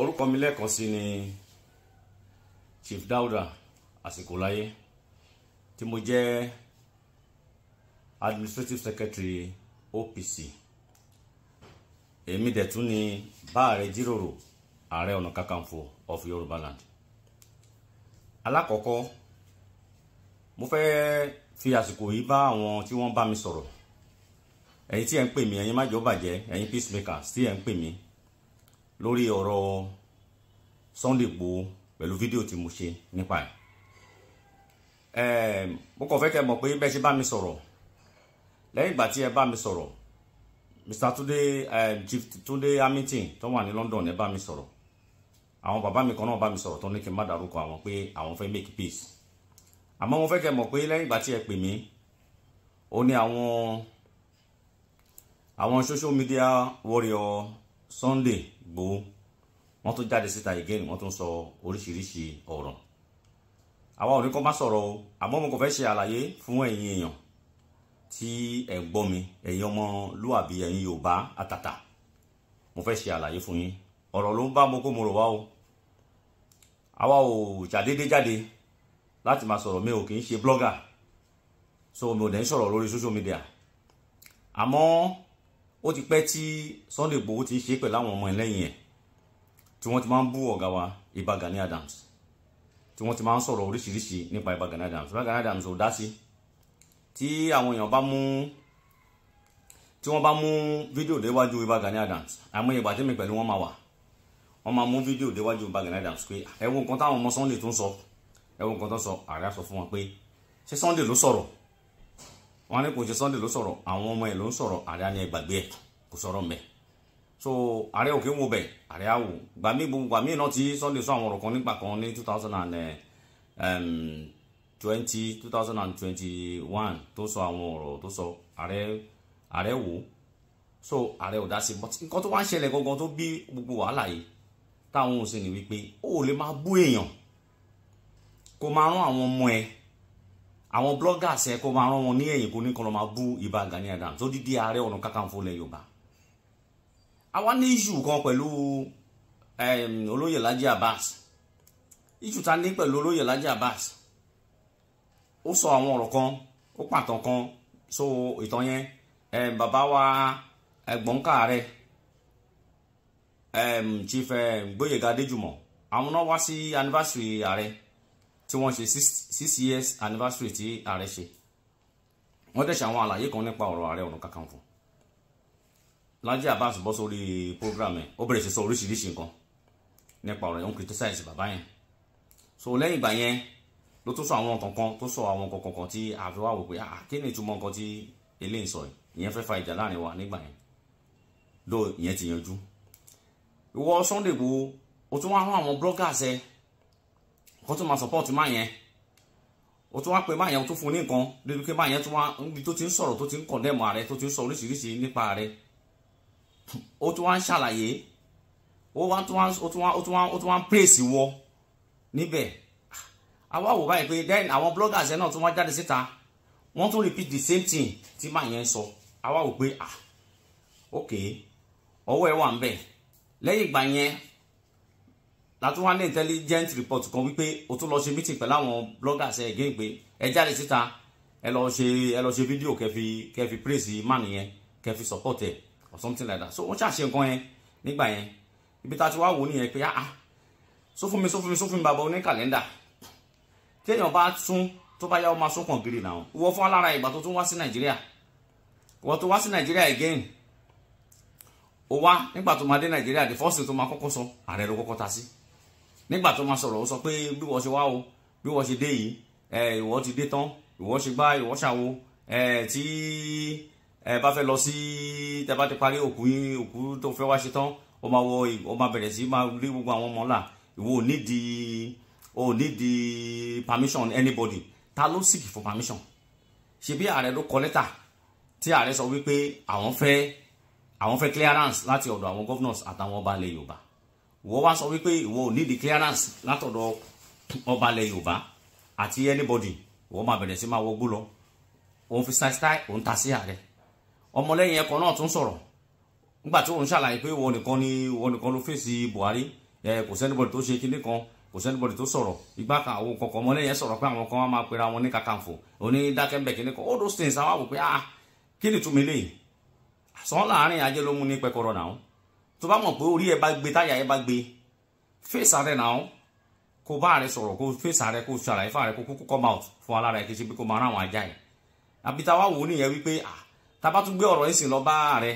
orúkọ mi lẹ́ẹ̀kan sí ni Chief Dauda Asikolaye tí mo jẹ́ administrative secretary OPC èmi dẹ̀ tún ni báàrẹ̀ jíròrò ààrẹ ọ̀nà kakanfò of Yorùbá-land alákọ̀ọ́kọ́ mo fẹ́ fi àsìkò yìí bá àwọn tí wọ́n bá mi sọ̀rọ̀ ẹ̀yin tí ẹ̀ ń pè mí ẹ̀yin májọ́ bàjẹ́ ẹ̀yin peacemakers tí ẹ̀ ń pè mí lórí ọ̀rọ̀ Sunday Igboho pẹ̀lú fídíò tí mo ṣe nípa ẹ̀ mo kàn fẹ́ kẹ́ mọ̀ pé bẹ́ẹ̀ ṣe bá mi sọ̀rọ̀ lẹ́yìn ìgbà tí ẹ bá mi sọ̀rọ̀ Mr. Tunde Chief Tunde Hamilton tó wà ní London ẹ bá mi sọ̀rọ̀ àwọn bàbá mi kan náà bá mi sọ̀rọ̀ tó ní kí n má dárúkọ àwọn pé àwọn fẹ́ make peace àmọ́ mo fẹ́ kẹ́ mọ̀ pé lẹ́yìn ìgbà tí ẹ pè mí ó ní àwọn àwọn social media warrior Sunday Ìgbòho wọ́n tún jáde síta again wọ́n tún sọ oríṣiríṣi ọ̀rọ̀ àwa ò ní kó má sọ̀rọ̀ o àmọ́ mo kàn fẹ́ ṣe àlàyé fún ẹ̀yin èèyàn tí ẹ̀ ń gbọ́ mi ẹ̀yin ọmọ lúàbí ẹ̀yin Yorùbá àtàtà mo fẹ́ ṣe àlàyé fún yín ọ̀rọ̀ ló ń bá mo kó mo rò wá o àwa ò jàdédé jáde láti máa sọ̀rọ̀ mi ò kì í ṣe blogger so mi ò dẹ̀ ń sọ̀rọ̀ lórí social media àmọ́ ó ti pẹ́ tí Sunday Igboho ti ń ṣe pẹ̀lú àwọn ọmọ ẹlẹ́yìn ẹ̀ tí wọ́n ti máa ń bú ọ̀gá wa Ìbà Gani Adams tí wọ́n ti máa ń sọ̀rọ̀ oríṣiríṣi nípa Ìbà Gani Adams Ìbà Gani Adams ò dá sí tí àwọn èèyàn bá mú tí wọ́n bá mú fídíò déwájú Ìbà Gani Adams àmọ́ ìgbà tẹ́mi pẹ̀lú wọn máa wà wọ́n máa mú fídíò déwájú Ìbà Gani Adams pé ẹ wo nǹkan táwọn ọmọ Sunday tó ń sọ ẹ wo nǹkan tó ń sọ ààrẹ sọ fún wọn pé ṣé Sunday ló sọ̀rọ̀ wọn ní kò ṣe Sunday ló sọ̀rọ̀ àwọn ọmọ ẹ̀ ló ń sọ̀rọ̀ àríyá ni ẹ kò sọ̀rọ̀ mẹ́ so ààrẹ òkè ń wo bẹ̀ ààrẹ àwò gbàmí gbàmí náà ti Sunday sọ àwọn ọ̀rọ̀ kan nígbà kan ní two thousand and eh, um, twenty two thousand and twenty one tó sọ àwọn ọ̀rọ̀ tó sọ ààrẹ ààrẹ wò so ààrẹ ò dá sí but nǹkan tó wá ń ṣẹlẹ̀ gangan tó bí gbogbo wàhálà yìí táwọn ò sì ní wípé ó lè máa bú èèyàn kó máa rán àwọn ọmọ ẹ̀ àwọn bloggers ẹ kó máa rán wọn ní ẹ̀yìn kó ní kó lọ máa bú Ìbà Gani Adams tó dídí ààrẹ ọ̀nà kakanfò lẹ̀ Yorùbá àwa ní issue kan pẹ̀lú olóyè Laji Abbas issue ta ní pẹ̀lú olóyè Laji Abbas ó sọ àwọn ọ̀rọ̀ kan ó pàtàn kan so ìtàn yẹn bàbá wa ẹ̀gbọ́n káàárẹ̀ Chief Gbóyèga Adéjùmọ̀ àwọn náà wá sí anniversary ààrẹ tí wọ́n ṣe six years anniversary tí ààrẹ ṣe wọ́n dẹ̀ àwọn àlàyé kan nípa ọ̀rọ̀ ààrẹ ọ̀nà kakanfò Laji Abbas bọ́ sórí program ó bẹ̀rẹ̀ sí sọ oríṣiríṣi nǹkan nípa ọ̀rọ̀ yẹn ó ń criticize bàbá yẹn so lẹ́yìn ìgbà yẹn ló tún sọ àwọn kankan tó sọ àwọn kankan kan tí àfi wá wò pé ah kí ni ìtumọ̀ nǹkan tí eléyìí sọ yìí ìyẹn fẹ́ fa ìjà láàrin wa nígbà yẹn ló ìyẹn ti yanjú ìwọ Sunday Igboho o tún wá rán àwọn bloggers ẹ kó tún máa support máa yẹn ó tún wá pé máa yẹn ó tún fún ní nǹkan débi pé máa yẹn tún wá níbi tó ti ń sọ̀rọ̀ tó condemn ààrẹ tó ti ń sọ oríṣiríṣi nípa ààrẹ ó tún wá ń ṣàlàyé ó wá tún wá ó tún wá ó tún wá ó praise wọ níbẹ̀ àwa wò báyìí pé then àwọn bloggers yẹn náà tún wá jáde síta wọ́n tún repeat the same thing tí máa yẹn sọ àwa wò pé ah ok ọwọ́ ẹ wà ń bẹ̀ ìgbà yẹn tàtún wá ní intelligent report kan wípé o tún lọ ṣe meeting pẹ̀lú àwọn bloggers ẹ̀ gẹ́gẹ́ pé ẹ jáde síta ẹ lọ ṣe ẹ lọ ṣe fídíò kẹfì kẹfì praise man yẹn kẹfì support ẹ or something like that so wọ́n ṣàṣe nǹkan yẹn nígbà yẹn ibi tá a ti wá wò ó nìyẹn pé ah, ah sọ fún mi sọ fún mi sọ fún mi bàbá oní kàlẹ́ndà téèyàn bá tún tó bá yá ọ máa sún kàn gírì náà wọ́n fún alára ìgbà tó tún wá sí nàìjíríà wọ́n tó wá sí nàìjíríà again ó wá nígbà tó máa dé nàìjíríà the first thing tó máa kọ́kọ́ sọ ààrẹ ló kọ́kọ́ ta sí nígbà tó máa sọ̀rọ̀ ó sọ pé bí wọ́n ṣe wá o bí wọ́n ṣe dé yìí ìwọ ti dé tán ìwọ ṣe gbá ìwọ ṣàwo tí ẹ bá fẹ́ lọ sí tẹ bá ti parí òkú òkú tó fẹ́ wá ṣe tán ó máa wọ ó máa bẹ̀rẹ̀ sí máa rí gbogbo àwọn ọmọ là ìwọ ò ní di ò ní di permission anybody ta ló seek for permission ṣebí ààrẹ ló kọ lẹ́tà tí ààrẹ sọ wípé àwọn fẹ́ àwọn fẹ́ clearance láti ọ̀dọ̀ àwọn governors àtàwọn ọba ilẹ̀ Yorùbá wọ́n wá sọ wípé ìwọ ò nídìí clearance látọ̀dọ̀ ọba ilẹ̀ yorùbá àti anybody wọ́n máa bẹ̀rẹ̀ sí máa wọgbó lọ òun fi style òun ta sí ààrẹ ọmọlẹ́yìn ẹ̀kọ́ náà tún sọ̀rọ̀ nígbà tí òun ṣàlàyé pé ìwọ nìkan ni ìwọ nìkan ló fèsì buhari kò sẹ́nibọ̀dì tó ṣe kinní kan kò tó sọ̀rọ̀ kan àwọn kọ̀ọ̀kan ọmọlẹ́yìn sọ̀rọ̀ pé àwọn kan máa pera wọn ní kàkàǹfò òní kan all those things àwọn àwò tó bá mọ̀ pé orí ẹ bá gbé táyà ẹ bá gbé fèsì rẹ náà kó bá rẹ sọ̀rọ̀ kó fèsì rẹ kó ṣàlàyé fún rẹ kó kókó come out fún alára ẹ kí ṣe pé kó máa rán àwọn ajá yẹn àbí táwa wò ó nìyẹn wípé ah tábà tún gbé ọ̀rọ̀ yìí sì lọ bá rẹ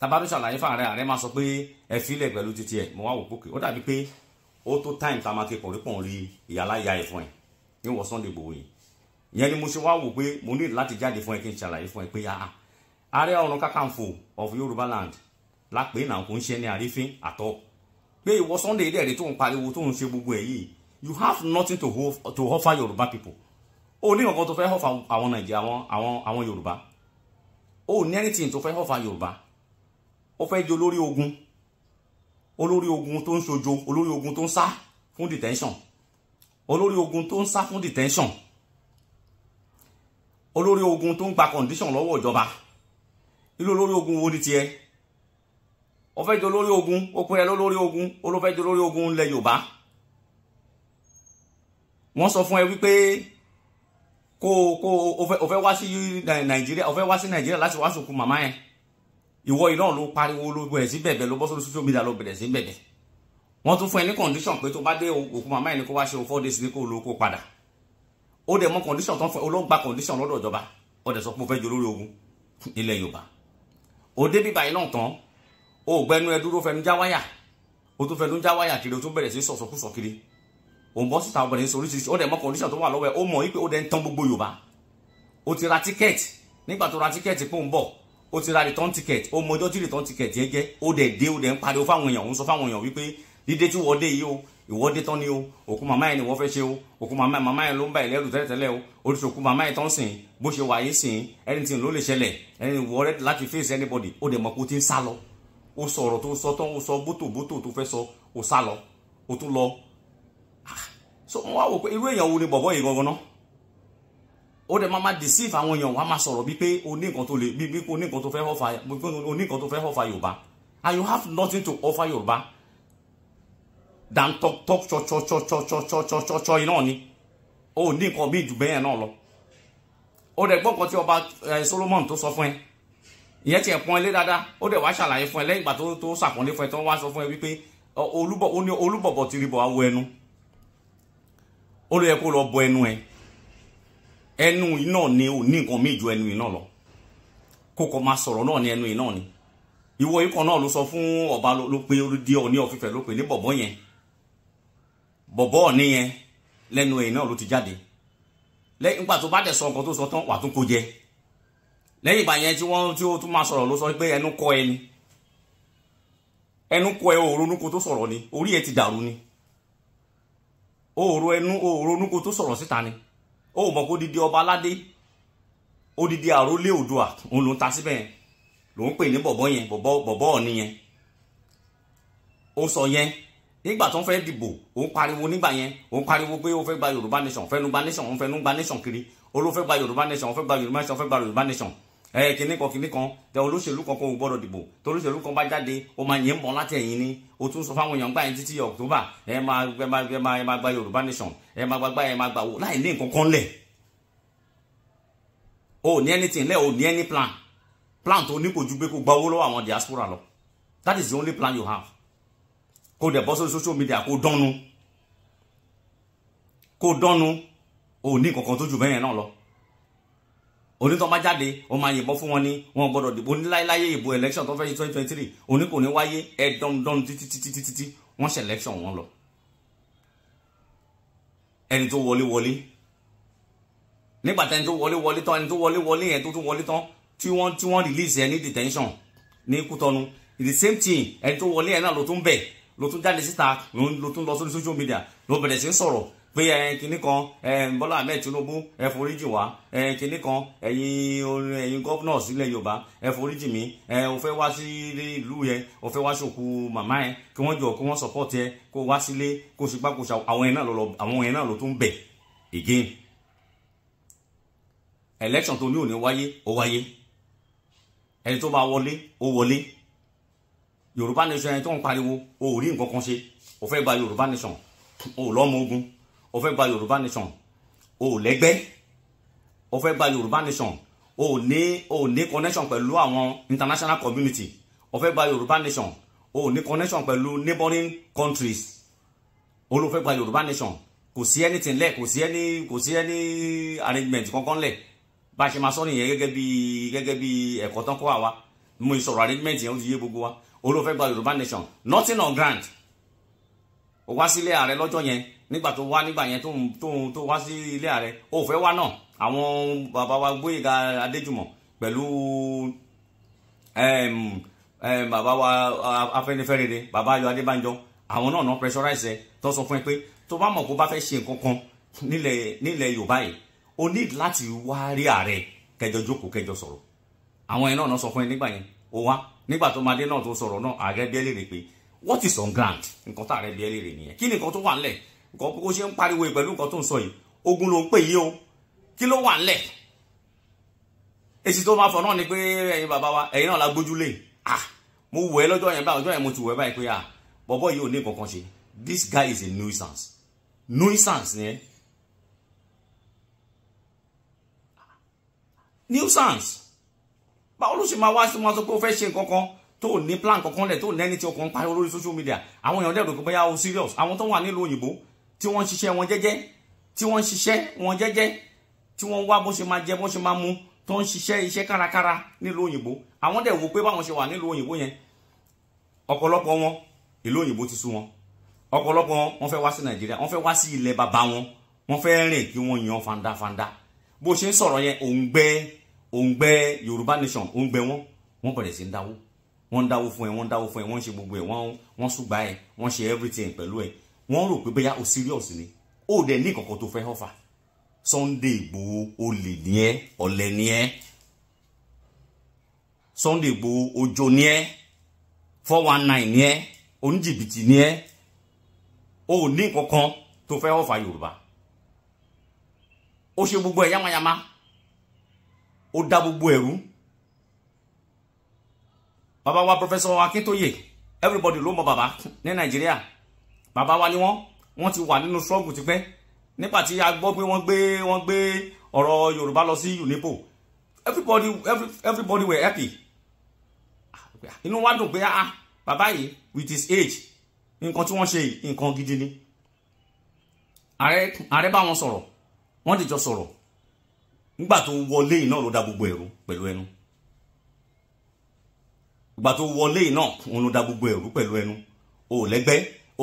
tábà tún ṣàlàyé fún rẹ rẹ máa sọ pé ẹ filẹ̀ pẹ̀lú títí ẹ mo wá wò pókè ó dàbí pé ó tó time tá a máa ké pọ̀nrí pọ̀nrí ìyáláyà ẹ̀ fún ẹ ní wọ́n Sunday Igboho yìí ìyẹn ni mo ṣe wá wò pé mo ní láti jáde fún ẹ kí n ṣàlàyé fún ẹ pé ah Ààrẹ Ọ̀nà of Yorùbá land lápè náà kò ń ṣe ní àrífín àtọ pé ìwọ Sunday dẹ̀rẹ̀ tó ń pariwo tó ń ṣe gbogbo ẹ̀ yìí you have nothing to, ho to offer Yorùbá people o ní nǹkan tó fẹ́ offer àwọn Nàìjíríà àwọn àwọn àwọn Yorùbá o ní anything tó fẹ́ offer Yorùbá ó fẹ́ jẹ́ olórí ogun olórí ogun tó ń ṣojo olórí ogun tó ń sá fún detention olórí ogun tó ń sá fún detention olórí ogun tó ń gba condition lọ́wọ́ ìjọba ilé olórí ogun wo ni tiẹ̀ ó fẹ́ dolórí ogun ó pèrè lólórí ogun ó ló fẹ́ dolórí ogun ilẹ̀ yorùbá wọ́n sọ fún ẹ wípé kó kó o fẹ́ wá sí nàìjíríà o fẹ́ wá sí nàìjíríà láti wá sùnkún màmá yẹn ìwọ iná ló pariwo ló bẹ̀rẹ̀ sí bẹ̀bẹ̀ ló bọ́ sórí social media ló bẹ̀rẹ̀ sí bẹ̀bẹ̀ wọ́n tún fún ẹ ní condition pé tó bá dé òkú màmá yẹn ni kó wá ṣe four days ní kó ló kó padà ó dẹ̀ mọ condition tó ń fẹ́ olóńgbà condition lọ́dọ̀ ìjọba ó dẹ̀ sọ pé mo fẹ́ jolórí ogun ilẹ̀ yorùbá òde bíbá iná tán o gbẹnu ẹ dúró fẹnu já wáyà o tún fẹnu já wáyà kiri o tún bẹ̀rẹ̀ sí sọ̀sọ̀kúsọ̀ kiri o bọ́ síta ọbẹ̀rẹ̀ sí oríṣiríṣi ó dẹ̀ mọ́ kọ̀ndíṣàn tó wà lọ́wọ́ ẹ ó mọ̀ wípé ó dẹ̀ ń tán gbogbo Yorùbá o ti ra tíkẹ́ẹ̀tì nígbà tó ra tíkẹ́ẹ̀tì pò ń bọ̀ o ti ra return ticket o mọ ọjọ́ tí return ticket yẹn jẹ́ ó dẹ̀ dé ó dẹ̀ ń pariwo fáwọn èèyàn ń sọ fáwọn èèyàn wípé dídé tí wọ́n dé yìí o ìwọ́dé tán ni o òkú màmá yẹn ni wọ́n fẹ́ ṣe o òkú màmá màmá yẹn ló ń bá ìlẹ́rù tẹ́lẹ̀tẹ́lẹ̀ o oríṣi òkú màmá yẹn tán sìn bó ṣe wà yìí sìn anything ló lè ṣẹlẹ̀ ẹni wọ́n láti face anybody ó dẹ̀ mọ̀ kó ti ń sá lọ o sọ̀rọ̀ tó sọ tán o sọ bótòbótò tó fẹ́ sọ o sá lọ o tún lọ ah, so wọ́n wá wò pé irú èèyàn wo ni bọ̀bọ́ yìí gangan náà ó dẹ̀ máa ma deceive àwọn èèyàn wọ́n á máa sọ̀rọ̀ bíi pé o ní nǹkan tó lè bíi pé o ní nǹkan tó fẹ́ họ́fà o ní nǹkan tó fẹ́ họ́fà Yorùbá and you have nothing to offer Yorùbá than talk talk chọ chọ chọ chọ chọ chọ chọ chọ chọ iná ni o ní nǹkan bíi jù bẹ́ẹ̀ náà lọ ó dẹ̀ gbọ́ nǹkan tí ọba eh, Solomon tó sọ fún ẹ ìyẹn tiẹ̀ pọ́n ilé dáadáa ó dẹ̀ wá ṣàlàyé fún ẹ lẹ́yìn ìgbà tó tó ṣàpọ́nlé fún ẹ sọ fún ẹ wípé olúbọ̀ ó ní olúbọ̀bọ̀ ti bọ̀ awọ ẹnu ó ló yẹ kó lọ bọ ẹnu ẹ ẹnu ni ò ní nǹkan míì ju ẹnu lọ kó kọ máa sọ̀rọ̀ náà ẹnu ni ìwọ yìí kan náà sọ fún ọba ọ ní ní bọ̀bọ̀ yẹn bọ̀bọ̀ ọ̀ní yẹn lẹ́nu ẹ̀yìn náà ló ti jáde lẹ́yìn tó bá sọ lẹ́yìn ìgbà yẹn tí wọ́n tí ó tún máa sọ̀rọ̀ ló sọ pé ẹnu kọ ẹni ẹnu kọ ẹ o ronúko tó sọ̀rọ̀ ni orí ẹ ti dàrú ni o ro ẹnu o ronúko tó sọ̀rọ̀ síta ni o mọ̀ kó didi ọba aládé odidi àrólé Oòduà òun ló ń ta síbẹ̀ yẹn ló ń pè ní bọ̀bọ̀ yẹn bọ̀bọ̀ ọ̀ni yẹn ó sọ yẹn nígbà tó ń fẹ́ dìbò òun pariwo nígbà yẹn òun pariwo pé ó fẹ́ gba Yorùbá nation òun fẹ́ nu gba nation òun fẹ́ nu gba nation kiri ó fẹ́ gba Yorùbá nation òun fẹ́ gba Yorùbá nation òun fẹ́ gba Yorùbá nation ẹ kìnnì kan kìnnì kan tẹ olóṣèlú kan kò gbọ́dọ̀ dìbò tó olóṣèlú kan bá jáde ó máa yẹn mọ láti ẹ̀yìn ni o tún sọ fáwọn èèyàn gbà yín títí October ẹ máa ẹ máa ẹ máa ẹ máa gba Yorùbá nation ẹ máa gbàgbà ẹ máa gbà wò láì ní nǹkan kan lẹ o ní anything lẹ o ní any plan plan tó ní kò ju pé kó gba owó lọ́wọ́ àwọn diaspora lọ that is the only plan you have kó dẹ̀ bọ́ sórí social media kó dánnu kó dánnu o ní nǹkan kan tó ju bẹ́ẹ̀ náà lọ òní tó máa jáde wọn máa yìnbọn fún wọn ní wọn gbọ́dọ̀ dìbò ní láéláyé ìbò election tó fẹ́ yí twenty twenty three òní kò ní wáyé ẹ dọ́ndọ́n títí títí títí tí wọ́n ṣe election wọn lọ ẹni tó wọlé wọlé nígbà tẹni tó wọlé wọlé tán ẹni tó wọlé wọlé yẹn tó tún wọlé tán tí wọ́n tí wọ́n release ẹ ní detention ní Kútọ́nù the same thing ẹni tó wọlé yẹn náà ló tún bẹ̀ ló tún jáde síta ló tún lọ sórí social media ló bẹ̀rẹ̀ sí sọ̀rọ̀ pé ẹ kinní kan ẹ Bọ́lá Ahmed Tinubu ẹ foríjì wá ẹ kinní kan ẹ̀yin ẹ̀yin gọ́vnọ̀ sílẹ̀ Yorùbá ẹ mi ẹ o fẹ́ wá sí ìlú yẹn o fẹ́ wá sòkú màmá ẹ kí wọ́n jọ kí wọ́n support ẹ kó wá sílé kó ṣe gbá kó ṣe àwọn yẹn náà lọ àwọn yẹn náà ló tún bẹ̀ again election tó ní òní wáyé ó wáyé ẹni tó bá wọlé ó wọlé Yorùbá nation ẹni tó ń pariwo o ò rí nǹkan kan ṣe o fẹ́ gba Yorùbá nation o lọ́mọ ogun o fẹ́ gba yorùbá nation o ò lẹ́gbẹ́ o fẹ́ gba yorùbá nation o ò ní o ò ní connection pẹ̀lú àwọn international community o fẹ́ gba yorùbá nation o ò ní connection pẹ̀lú neighboring countries o ló fẹ́ gba yorùbá nation kò sí anything lẹ̀ kò sí any kò sí any arrangement kankan lẹ̀ bá a ṣe máa sọ nìyẹn gẹ́gẹ́ bí gẹ́gẹ́ bí ẹ̀kọ́ tán kọ́ wa wa mo ìsọ̀rọ̀ arrangement yẹn ó ti yé gbogbo wa o ló fẹ́ gba yorùbá nation nothing on ground o wá sílé ààrẹ lọ́jọ́ yẹn nígbà tó wá nígbà yẹn tó tó tó wá sí ilé ààrẹ ó fẹ́ wá náà àwọn bàbá wa Gbóyèga Adéjùmọ̀ pẹ̀lú bàbá wa Afẹ́nifẹ́re bàbá Ayọ̀ Adébánjọ àwọn náà náà pressurize ẹ tó sọ fún ẹ pé tó bá mọ̀ kó bá fẹ́ ṣe nǹkan kan nílẹ̀ nílẹ̀ Yorùbá yìí o ní láti wá rí ààrẹ kẹjọ jókòó kẹjọ sọ̀rọ̀ àwọn yẹn náà náà sọ fún ẹ nígbà yẹn ó wá nígbà tó máa dé náà tó sọ̀rọ̀ náà ààrẹ bí ẹ lè rè pé what is on ground nǹkan tá ààrẹ bí ẹ lè rè nìyẹn kí ni nǹkan tó wà nílẹ̀ nǹkan kókó ṣe ń pariwo pẹ̀lú nǹkan tó ń sọ yìí ogun ló ń pè yí o kí ló wà ńlẹ̀ èsì tó máa fọ náà ni pé ẹ̀yin bàbá wa ẹ̀yin náà la gbójú lé ah mo wẹ̀ lọ́jọ́ yẹn báyìí ọjọ́ yẹn mo ti wẹ̀ báyìí pé ah bọ̀bọ̀ yìí ò ní kankan ṣe this guy is a nuisance nuisance ni ẹ nuisance báwo ló ṣe máa wá sí wọn sọ pé ó fẹ́ ṣe nǹkan kan tó ní plan kankan lẹ̀ tó ní ẹni tí ọkàn ń pariwo lórí social media àwọn èèyàn dẹ̀ pé bóyá o serious àwọn tó wà nílùú òyìnbó tí wọ́n ń ṣiṣẹ́ wọn jẹ́jẹ́ tí wọ́n ń ṣiṣẹ́ wọn jẹ́jẹ́ tí wọ́n ń wá bó ṣe máa jẹ bó ṣe máa mu tó ń ṣiṣẹ́ iṣẹ́ kárakára nílùú òyìnbó àwọn dẹ̀ wò pé báwọn ṣe wà nílùú òyìnbó yẹn ọ̀pọ̀lọpọ̀ wọn ìlú òyìnbó ti sú wọn ọ̀pọ̀lọpọ̀ wọn wọ́n fẹ́ wá sí nàìjíríà wọ́n fẹ́ wá sí ilẹ̀ bàbá wọn wọ́n fẹ́ rìn kí wọ́n yan fandafanda bó ṣe ń sọ̀rọ̀ yẹn òǹgbẹ òǹgbẹ yorùbá nation òǹgbẹ wọn wọ́n bẹ̀rẹ̀ sí ń dáwó wọ́n ń dáwó fún ẹ wọ́n ń dáwó fún ẹ wọ́n ń ṣe gbogbo ẹ wọ́n wọ́n ṣùgbà ẹ wọ́n ṣe everything pẹ̀lú ẹ wọ́n rò pé bóyá o serious ni o dẹ̀ ní kankan tó fẹ́ hàn fà Sunday Igboho olè ní ẹ ọ̀lẹ ní ẹ Sunday Igboho ojo ní ẹ four one nine ní ẹ oníjìbìtì ní ẹ o ní kankan tó fẹ́ hàn fà Yorùbá ó ṣe gbogbo ẹ̀ yamayama ó dá gbogbo ẹ̀rú bàbá wa Professor Akíntóyè everybody ló mọ bàbá ní Nàìjíríà bàbá wa ni wọ́n wọ́n ti wà nínú struggle tipẹ́ nípa tí a gbọ́ pé wọ́n gbé wọ́n gbé ọ̀rọ̀ Yorùbá lọ sí UNEPO everybody every, everybody were happy inú wa dùn pé ah bàbá yìí with his age nǹkan tí wọ́n ṣe nǹkan gidi ni ààrẹ ààrẹ bá wọn sọ̀rọ̀ wọ́n dìjọ sọ̀rọ̀ nígbà tó wọlé iná ló da gbogbo ẹ̀rú pẹ̀lú ẹnu ìgbà tó wọlé iná òun ló da gbogbo ẹ̀rú pẹ̀lú ẹnu ò lẹ́gbẹ́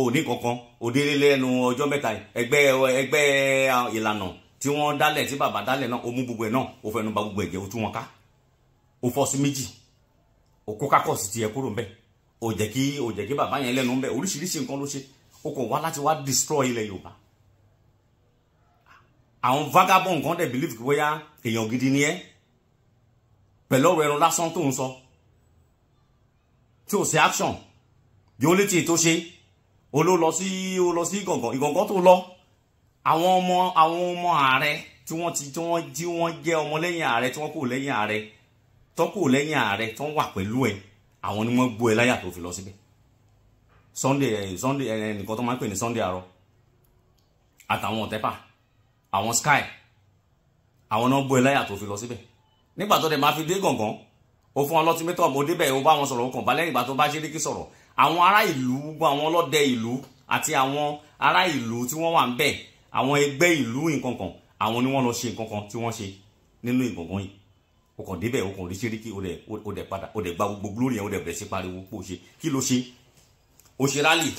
òní kankan òdélé lẹ́nu ọjọ́ mẹ́ta ẹgbẹ́ ẹgbẹ́ ìlànà tí wọ́n dálẹ̀ tí bàbá dálẹ̀ náà ó mú gbogbo ẹ̀ náà ó fẹnu ba gbogbo ẹ̀jẹ̀ ó tú wọn ká ó fọ́ sí méjì ó kó kákọ̀ sí tiẹ̀ kúrò ńbẹ̀ ó jẹ́ kí ó jẹ́ kí bàbá yẹn lẹ́nu ńbẹ̀ oríṣiríṣi nǹkan ló ṣe ó kàn wá láti wá destroy ilẹ̀ Yorùbá àwọn vagabond kan dẹ̀ believe bóyá èèyàn gidi ni ẹ́ pẹ̀lú ọ̀rọ̀ ẹnu lásán tó ń sọ tí ò sí action the only thing tó ṣe o ló lọ sí o lọ sí ìgàngàn ìgàngàn tó lọ àwọn ọmọ àwọn ọmọ ààrẹ tí wọ́n ti tí wọ́n tí wọ́n jẹ́ ọmọlẹ́yìn ààrẹ tí wọ́n kò lẹ́yìn ààrẹ tó kò lẹ́yìn ààrẹ tó wà pẹ̀lú ẹ àwọn ni wọ́n gbó ẹ láyà tó fi lọ síbẹ̀ Sunday eh, Sunday eh, nìkan tó máa ń pè ní Sunday àrọ àtàwọn ọ̀tẹ́pà àwọn sky àwọn náà gbó ẹ láyà tó fi lọ síbẹ̀ nígbà tó dẹ̀ máa fi dé gàngán ó fún ọlọ́tí mẹ́tọ́ ọ̀bọ̀ débẹ̀ ó bá wọn sọ̀rọ̀ ó kàn bá lẹ́yìn ìgbà tó bá ṣe é dé kí sọ̀rọ̀ àwọn ará ìlú gbogbo àwọn ọlọ́dẹ ìlú àti àwọn ará ìlú tí wọ́n wà ń bẹ̀ àwọn ẹgbẹ́ ìlú nǹkankan àwọn ni wọ́n lọ ṣe nǹkankan tí wọ́n ṣe nínú ìgbọ̀ngàn yìí o kàn débẹ̀ o kàn rí ṣeríkì o dẹ̀ o dẹ̀ padà o dẹ̀ gba gbogbo glory yẹn o dẹ̀ bẹ̀rẹ̀ sí pariwo pé o ṣe kí ló ṣe o ṣe rally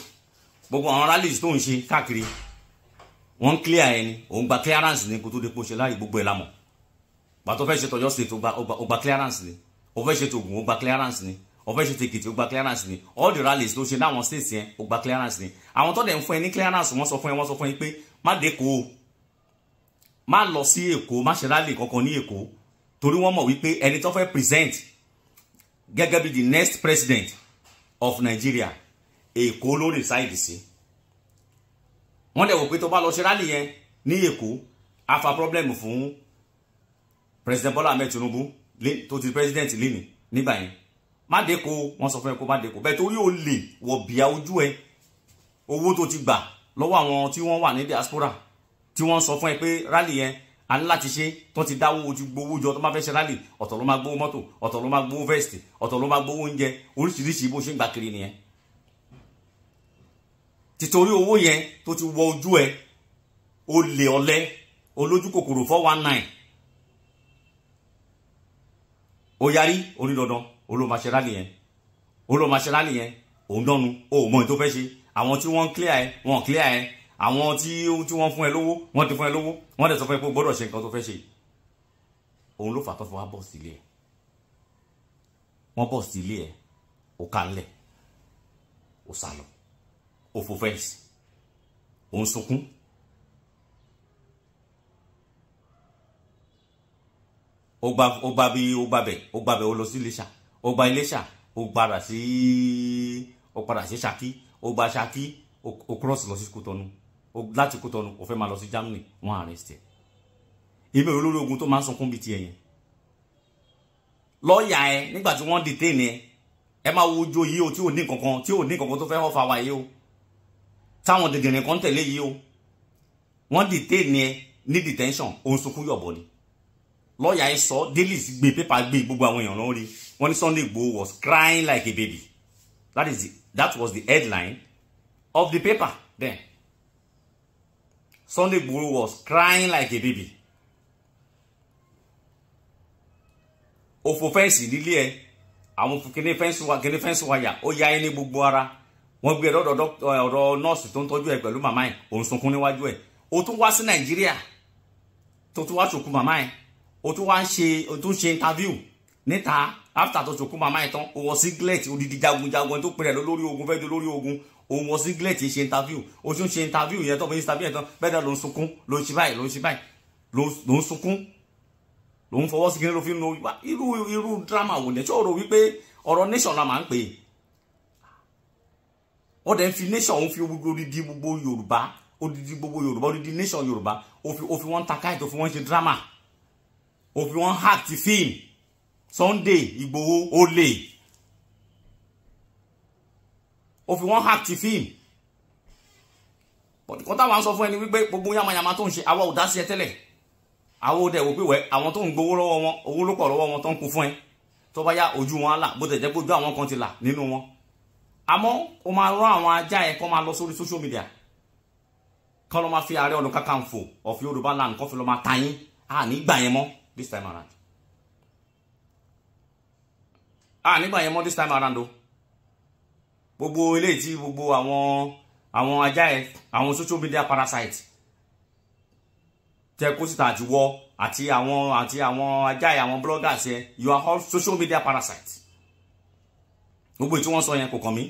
gbogbo àwọn rallies tó ń ṣe káàkiri wọ́n ń clear ẹni òun gba clearance ní kó tó dé pé o ṣe láàyè gbogbo ẹ̀ lámọ̀ gbàtọ́ fẹ́ ṣe tọ́jọ́ state o gba clearance ní o fẹ́ ṣe tògùn o gba clearance ní o fẹ́ ṣe tèkìtì o gba clearance ni all the rallies ló ṣe láwọn states yẹn o gba clearance ni àwọn tó dẹ̀ ń fún ẹ ní clearance wọ́n sọ fún ẹ wọ́n sọ fún ẹ pé má dẹ́kọ̀ o má lọ sí èkó má ṣe rally kankan ní èkó torí wọ́n mọ̀ wípé ẹni tó fẹ́ present gẹ́gẹ́ bí the next president of Nigeria èkó ló reside sí wọ́n dẹ̀ wò pé tó bá lọ ṣe rally yẹn ní èkó á fa problem fún president Bola Ahmed Tinubu tó ti president lẹ́ni nígbà yẹn má dẹ́ko wọ́n sọ fún ẹ kó má dẹ́ko bẹ́ẹ̀ torí o lè wọ̀ bíà ojú ẹ owó tó ti gbà lọ́wọ́ àwọn tí wọ́n wà ní diaspora tí wọ́n sọ fún ẹ pé rally yẹn a ní láti ṣe tó ti dáwọ́ ojú gbowó jọ tó má fẹ́ ṣe rally ọ̀tọ̀ ló máa gbowó mọ́tò ọ̀tọ̀ ló máa gbowó vest ọ̀tọ̀ ló máa gbowó oúnjẹ oríṣiríṣi bó ṣe ń gbà kiri nìyẹn tìtorí owó yẹn tó ti wọ ojú ẹ olè ọ̀lẹ olójú kòkòrò four one nine ó yarí orí olómaṣẹ́rálì yẹn olómaṣẹ́rálì yẹn òun dánnu òun mọ̀ ní tó fẹ́ ṣe àwọn tí wọ́n ń clear ẹ wọ́n clear ẹ àwọn tí tí wọ́n fún ẹ lówó wọ́n ti fún ẹ lówó wọ́n dẹ̀ sọ fún ẹ pé o gbọ́dọ̀ ṣe nǹkan tó fẹ́ ṣe òun ló fà tó fi wá bọ̀ sílé ẹ wọ́n bọ̀ sílé ẹ o kà ń lẹ̀ o sá lọ o fò fẹ́ǹsì o ń sunkún. ó gba bí ó gba ó gba ó lọ sí Iléṣà ó gba Iléṣà ó padà sí ó padà sí Ṣakí ó gba Ṣakí ó cross lọ sí Kútọ̀nù láti Kútọ̀nù ó fẹ́ máa lọ sí Germany wọ́n arrest ẹ̀ ibẹ̀ olórí ogun tó máa ń sunkún bíi tiẹ̀ yẹn lọ́ọ̀yà ẹ nígbà tí wọ́n detain ẹ ẹ máa wo ojú yìí o tí ò ní kankan tí ò ní kankan tó fẹ́ hàn fáwa yìí o táwọn dìgìrì kan tẹ̀lé yìí o wọ́n detain ẹ ní detention òun sunkún yọ̀bọ̀ ni lọ́ọ̀yà ẹ sọ délì gbé pépà gbé gbogbo àwọn èèyàn lọ́rí wọ́n Sunday Igboho was crying like a baby that is the that was the headline of the paper then Sunday Igboho was crying like a baby òfò fẹ́ǹsì nílé ẹ̀ àwọn kìnìún fẹ́ǹsì wa kìnìún fẹ́ǹsì wa yà ó ya ẹ ní gbogbo ara wọ́n gbé ọ̀dọ̀ ọ̀rọ̀ nọ́ọ̀sì tó ń tọ́jú ẹ̀ pẹ̀lú màmá ẹ̀ òun sunkún níwájú ẹ̀ ó tún wá sí Nàìjíríà tó tún wá sòkú màmá ẹ̀ ó tún wá ń interview neta after tó sòkú màmá yẹn tán ó wọ singlet odidi jagunjagun tó pèrè lórí ogun fẹ́ di lórí ogun ó wọ singlet ṣe interview ó tún ṣe interview yẹn tó fi interview yẹn tán bẹ́ẹ̀ náà ló ń sunkún ló ń ṣe báyìí ló ń ṣe báyìí ló ń sunkún ló ń fọwọ́ sí kí ló fi ń lo irú irú drama wò ní ẹ̀ tí ó rò wípé ọ̀rọ̀ nation la máa ń pè é ó dẹ̀ fi nation òun fi gbogbo odidi gbogbo Yorùbá odidi gbogbo Yorùbá odidi nation Yorùbá ó fi wọ́n ta káyìí tó fi wọ́n ṣe drama ó fi wọ́n hack ti fíìmù Sunday Igboho ó lè ó fi wọ́n hack ti fíìmù bọ̀dù kan táwọn sọ fún ẹni wípé gbogbo yamayama tó ń ṣe àwa ò dá sí ẹ tẹ́lẹ̀ àwa ò dẹ̀ wò pé wẹ́ àwọn tó ń gbowó lọ́wọ́ wọn owó ló pọ̀ lọ́wọ́ wọn tó ń kú fún ẹ tó bá yá ojú wọn á là bó tẹ̀ jẹ́ pé ojú àwọn kan ti là nínú wọn àmọ́ o máa rán àwọn ajá ẹ kó máa lọ sórí social media kán ló máa fi Ààrẹ Ọ̀nà Kakanfò of Yorùbá land kó fi lọ máa ta yín à yẹn mọ́ this time around. Ah, nígbà yẹn mọ́ this time around o gbogbo eléyìí tí gbogbo àwọn àwọn ajá ẹ àwọn social media parasite tẹ kó síta àti wọ àti àwọn àti àwọn ajá ẹ àwọn bloggers ẹ you are all social media parasites. gbogbo èyí tí wọ́n sọ yẹn kò kàn mí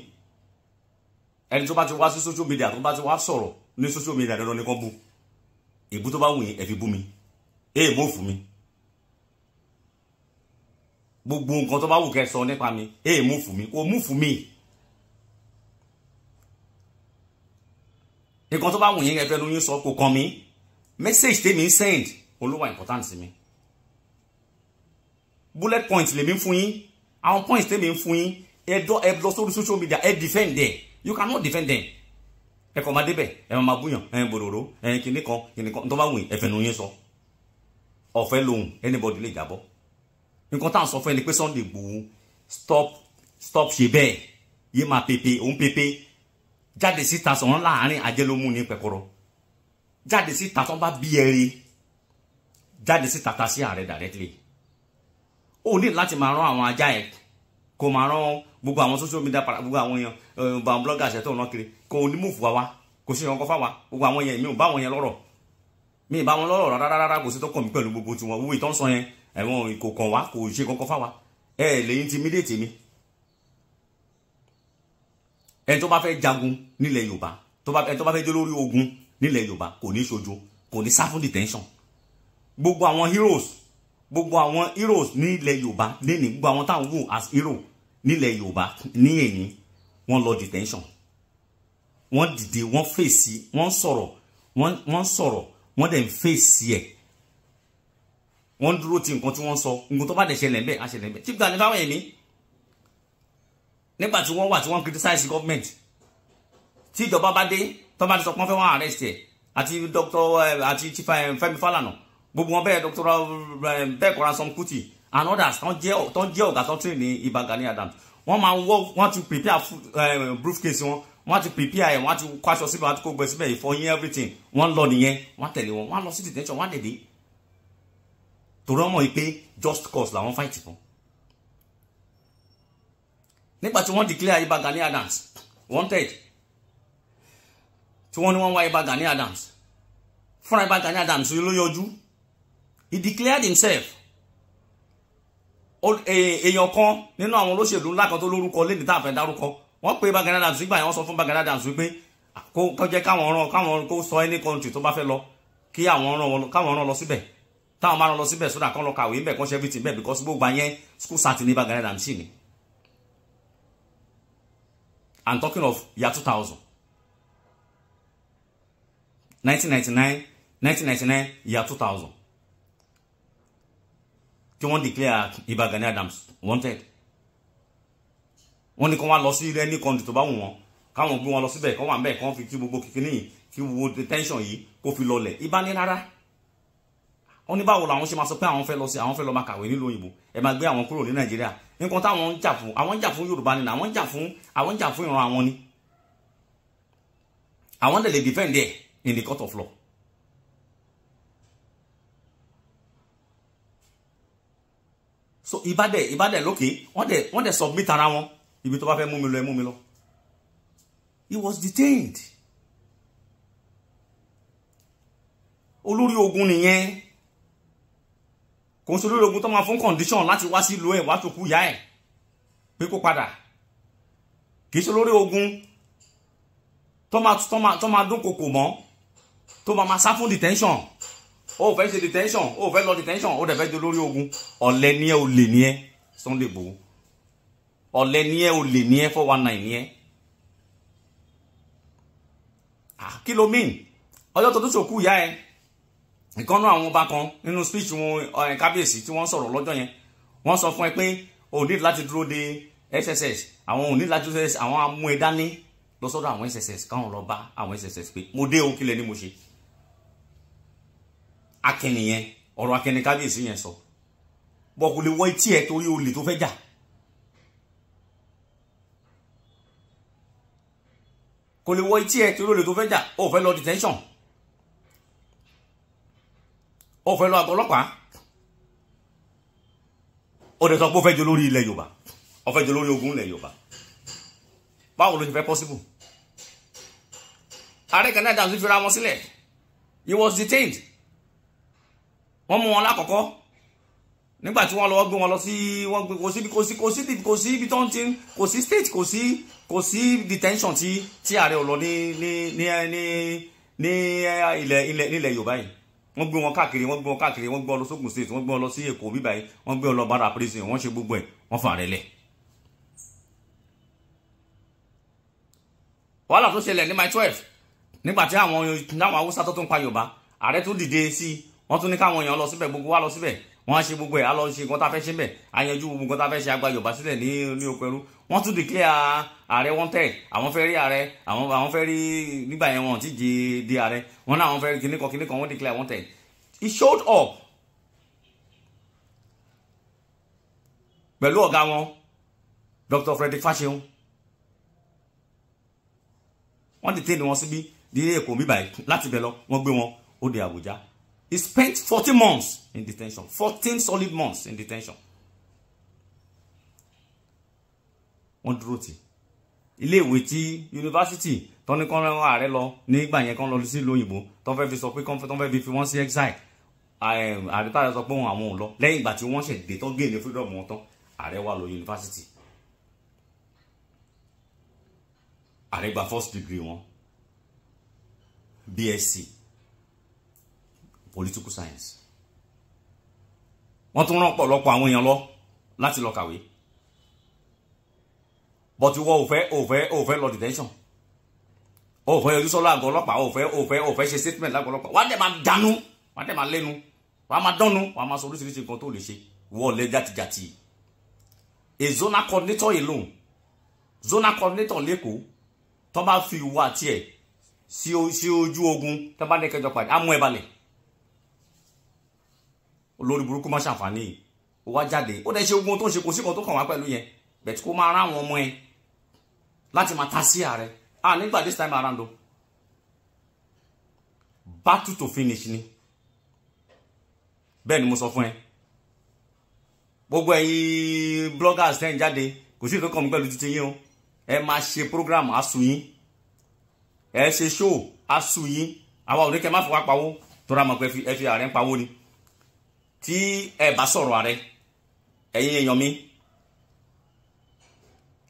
ẹni tó bá ti wá sí social media tó bá ti wá sọ̀rọ̀ ní social media dandan ní kan bú èbú tó bá wù yín ẹ fi bú mi èèmọ̀ fún mi gbogbo nǹkan tó bá wù kẹ́ sọ nípa mi ẹ mú fún mi kò mú fún mi nǹkan tó bá wù yín ẹ fẹ́ ló yín sọ kò kàn mí message tèmi ń send olówà important sí mi bullet point lèmi ń fún yín àwọn points tèmi ń fún yín ẹ dọ́ ẹ lọ sórí social media ẹ defend them you cannot defend them ẹ kọ́ máa débẹ̀ ẹ máa búyàn ẹ bòròró ẹ kìnnìkan kìnnìkan tó bá wù yín ẹ fẹ́ ló yín sọ ọ̀fẹ́ lòun anybody lè jábọ́ nǹkan tá à ń sọ fún ẹni pé Sunday Igboho stop stop ṣe bẹ́ẹ̀ yé máa pepe òun pepe jáde síta sọ̀rọ̀ láàrin àjẹlómú ní pẹ̀kọ́rọ́ jáde síta tó bá bí ẹ̀rí jáde síta ta sí ààrẹ directly ó ní láti máa rán àwọn ajá ẹ̀ kó máa rán gbogbo àwọn social media para gbogbo àwọn èèyàn gbogbo eh, àwọn bloggers ẹ̀ tó ń rán kiri kó o ní múùfù wá wá kò sí ìrànkọ́ fáwa gbogbo àwọn èèyàn mi ò bá àwọn yẹn lọ́rọ̀ mi ì bá wọn lọ́rọ̀ rárá rárá kò sí tó kàn mí pẹ̀lú gbogbo tiwọn owó ìtọ́nsọ yẹn ẹ̀wọ̀n kò kàn wá kò ṣe kankan fáwa ẹ lè intimidate mi ẹ tó bá fẹ́ jagun nílẹ̀ Yorùbá ẹ tó bá fẹ́ jẹ́ lórí ogun nílẹ̀ Yorùbá kò ní ṣojo kò ní sá detention gbogbo àwọn heroes gbogbo àwọn heroes nílẹ̀ Yorùbá lẹ́ni gbogbo àwọn táwọn wò as hero nílẹ̀ Yorùbá ní èyí wọ́n lọ detention wọ́n dìde wọ́n fèsì wọ́n sọ̀rọ̀ wọ́n sọ̀rọ̀ wọ́n dẹ̀ ń fèsì ẹ̀ wọ́n dúró ti nǹkan tí wọ́n sọ nǹkan tó bá dẹ̀ ṣẹlẹ̀ bẹ́ẹ̀ á ṣẹlẹ̀ bẹ́ẹ̀ chief Gani Fáwẹ̀hìnmí nígbà tí wọ́n wà tí wọ́n criticize government tí ìjọba bá dé tó bá ti sọ pé wọ́n fẹ́ wọ́n arrest ẹ̀ àti doctor eh, àti chief eh, Fẹ́mi Fálànà gbogbo wọn bẹ́ẹ̀ doctor eh, bẹ́ẹ̀ kọ́ra sọm Kuti and others tó jẹ́ ọ̀gá tó tún ní Ìbà Gani Adams wọ́n máa wọ́ wọ́n ti prepare briefcase wọn wọ́n ti prepare ẹ̀ wọ́n ti kó aṣọ síbẹ̀ wọ́n ti kó gbẹ síbẹ̀ ìfọyín everything wọ́n lọ nìyẹn wọ́n tẹ̀lé wọn wọ́n lọ sí detention wọ́n dẹ̀ dé torí wọ́n mọ̀ wípé just cause làwọn fight fún nígbà tí wọ́n declare Ìbà Gani Adams wanted tí wọ́n ní wọ́n wá Ìbà Gani Adams fúnra Ìbà Gani Adams ló yọjú he declared himself e, èèyàn kan nínú àwọn olóṣèlú ńlá kan tó lórúkọ lẹ́ni tá a fẹ́ dárúkọ wọ́n pe Ìbà Gani Adams nígbà yẹn wọ́n sọ fún Ìbà Gani Adams wípé kó jẹ́ káwọn ọ̀ràn káwọn kó sọ any country tó bá fẹ́ lọ kí àwọn ọ̀ràn lọ síbẹ̀ táwọn máa lọ síbẹ̀ sódà kán lọ kàwé ń kán ṣe everything bẹ́ẹ̀ because gbogbo àyẹn school sat ní bagana damsi ni i'm talking of year two thousand nineteen ninety nine nineteen ninety nine year two thousand tí wọ́n declare Ìbà Gani Adams wanted wọ́n ní kí wọ́n lọ sí rẹ́ní kọ́ńtì tó bá wù wọ́n káwọn gbé wọn lọ síbẹ̀ kọ́ wà ń bẹ̀ kọ́ fi kí gbogbo kìkìnnì kí wo detention yìí kó fi lọlẹ̀ ìbánirárá wọn ní báwo làwọn ṣe máa sọ pé àwọn fẹ́ lọ sí àwọn fẹ́ lọ máa kàwé nílùú òyìnbó ẹ máa gbé àwọn kúrò ní nàìjíríà nǹkan táwọn ń jà fún àwọn ń jà fún yorùbá ni àwọn ń jà fún àwọn ń jà fún ìran àwọn ni àwọn lè lè defend ẹ in the court of law. so ìbàdẹ ìbàdẹ lókè wọn dẹ wọn dẹ submit ara wọn ibi tó bá fẹ́ mú mi lọ ẹ mú mi lọ he was detained olórí ogun nìyẹn kò ń solórí ogun tó máa fún condition láti wá sílùú ẹ̀ wá tó kú ìyá ẹ̀ pé kó padà kì í solórí ogun tó máa tó máa tó máa dún kòkò mọ́ tó máa máa sá fún detention ó fẹ́ ṣe detention ó fẹ́ lọ detention ó dẹ̀ fẹ́ di lórí ogun ọ̀lẹ ni ẹ ò lè ní ẹ Sunday Igboho ọ̀lẹ ni ẹ ò lè ní ẹ four one nine ni ẹ ah, kí ló mean ọjọ́ tó tún ṣòkú ìyá ẹ ìkànnú àwọn ọba kan nínú speech wọn eh, kábíyèsí tí wọ́n sọ̀rọ̀ lọ́jọ́ yẹn wọ́n sọ fún ẹ pé o need láti dúró de sss àwọn ò need láti dúró de sss àwọn amú ẹ dání lọ sọ́dọ̀ àwọn sss káwọn lọ bá àwọn sss pé mo dé o kílẹ̀ ni mo ṣe akẹni yẹn ọ̀rọ̀ akẹni kábíyèsí yẹn sọ bọ́ kò lè wọ etí ẹ torí olè tó fẹ́ jà kò lè wọ etí ẹ torí olè tó fẹ́ jà ó fẹ́ lọ detention ó fẹ́ lọ àgọ́ ọlọ́pàá ó dẹ̀ sọ pé ó fẹ́ jẹ olórí ilẹ̀ yorùbá ó fẹ́ jẹ olórí ogun ilẹ̀ yorùbá báwo ló ṣe fẹ́ pọ́síbù ààrẹ kan náà fira wọn sílẹ̀ he was detained wọ́n mú wọn lákọ̀ọ́kọ́ nígbà tí wọ́n lọ gbé wọn lọ sí wọ́n gbé kò sí kò sí kò sí kò sí ibi tó ń ti kò sí state kò sí kò sí detention tí tí ààrẹ ò ní ní ní ní ní ilẹ̀ ilẹ̀ yorùbá yìí wọ́n gbé wọn káàkiri wọ́n gbé wọn káàkiri wọ́n gbé wọn lọ sókun state wọ́n gbé wọn lọ sí èkó bíbá yìí wọ́n gbé wọn lọ bára prison wọ́n ṣe gbogbo ẹ̀ wọ́n fà rẹ̀ lẹ̀. wàhálà tó ṣẹlẹ̀ ní my twelve nígbà tí àwọn àwọn haúsá tó tún pa yorùbá ààrẹ tún dìde sí wọ́n tún ní káwọn èèyàn lọ síbẹ̀ gbogbo wa lọ síbẹ̀ wọ́n á ṣe gbogbo ẹ̀ á lọ ṣe nǹkan tá a fẹ́ ṣe bẹ̀ á gbogbo nǹkan tá a fẹ́ ṣe agba yorùbá sílẹ̀ ní ní oko ẹrú wọ́n tún dìklẹ́ ààrẹ wọ́n tẹ̀ àwọn fẹ́ rí ààrẹ àwọn fẹ́ rí nígbà yẹn wọn ti di di ààrẹ wọn náà àwọn fẹ́ rí kíníkan kíníkan wọ́n dìklẹ́ àwọn tẹ̀ he showed up pẹ̀lú ọ̀gá wọn Dr. Frederick Fasehun wọ́n ti tẹ́ ni wọn síbí ní èkó bíbáyìí láti bẹ̀ lọ wọ́n gbé wọn ó dé Àbújá He spent 40 months in detention, 14 solid months in detention. Wọ́n dúró tì. Iléèwé tí yunifásitì tọ́ni kan rán ààrẹ lọ nígbà yẹn kan lọ sí ìlú òyìnbó tó fẹ́ fi sọ pé tó fẹ́ fi fi wọ́n sí exile. Ààrẹ táyà sọ pé òun àwọn ò lọ lẹ́yìn ìgbà tí wọ́n ṣẹ̀ dé tán géèlè freedom wọn tán ààrẹ wà lọ yunifásitì. Ààrẹ gba first degree wọn BSc political science wọ́n tún rán ọ̀pọ̀lọpọ̀ àwọn èèyàn lọ láti lọ kàwé but ìwọ ò fẹ́ ò fẹ́ ò fẹ́ lọ detention ò fẹ́ yọjú sọ́lá àgọ́ ọlọ́pàá ò fẹ́ ò fẹ́ ò fẹ́ ṣe statement lágọ́ ọlọ́pàá wà á máa dánú wà á máa lẹ́nu wà máa dánú wà máa sọ oríṣiríṣi nǹkan tó lè ṣe wọ́ọ̀ lẹ́ jàtijàti a zonal coordinator alone zonal coordinator lẹ́kọ̀ọ́ tó bá fi ìwà tiẹ̀ sí ojú ogun tó bá ní kẹjọ pàdé á mú ẹ balẹ̀ olórí burúkú má ṣàǹfààní yìí ó wá jáde ó dẹ̀ ṣe ogun tó ń ṣe kò sí kan tó kàn wá pẹ̀lú yẹn bẹ̀tí kó máa ráwọn ọmọ ẹ láti máa ta sí ààrẹ à nígbà this time around o battle to finish ni bẹ́ẹ̀ ni mo sọ fún ẹ gbogbo ẹ̀yin bloggers tẹ́ ń jáde kò sí ìtọ́kọ̀ mi pẹ̀lú títí yín o ẹ máa ṣe program asu yín ẹ ṣe show asu yín àwa ò ní kẹ́ má fọwọ́ pawó tó ra mọ̀ pé ẹ fi ààrẹ ń pawó ni tí ẹ bá sọ̀rọ̀ ààrẹ ẹ̀yin èèyàn mi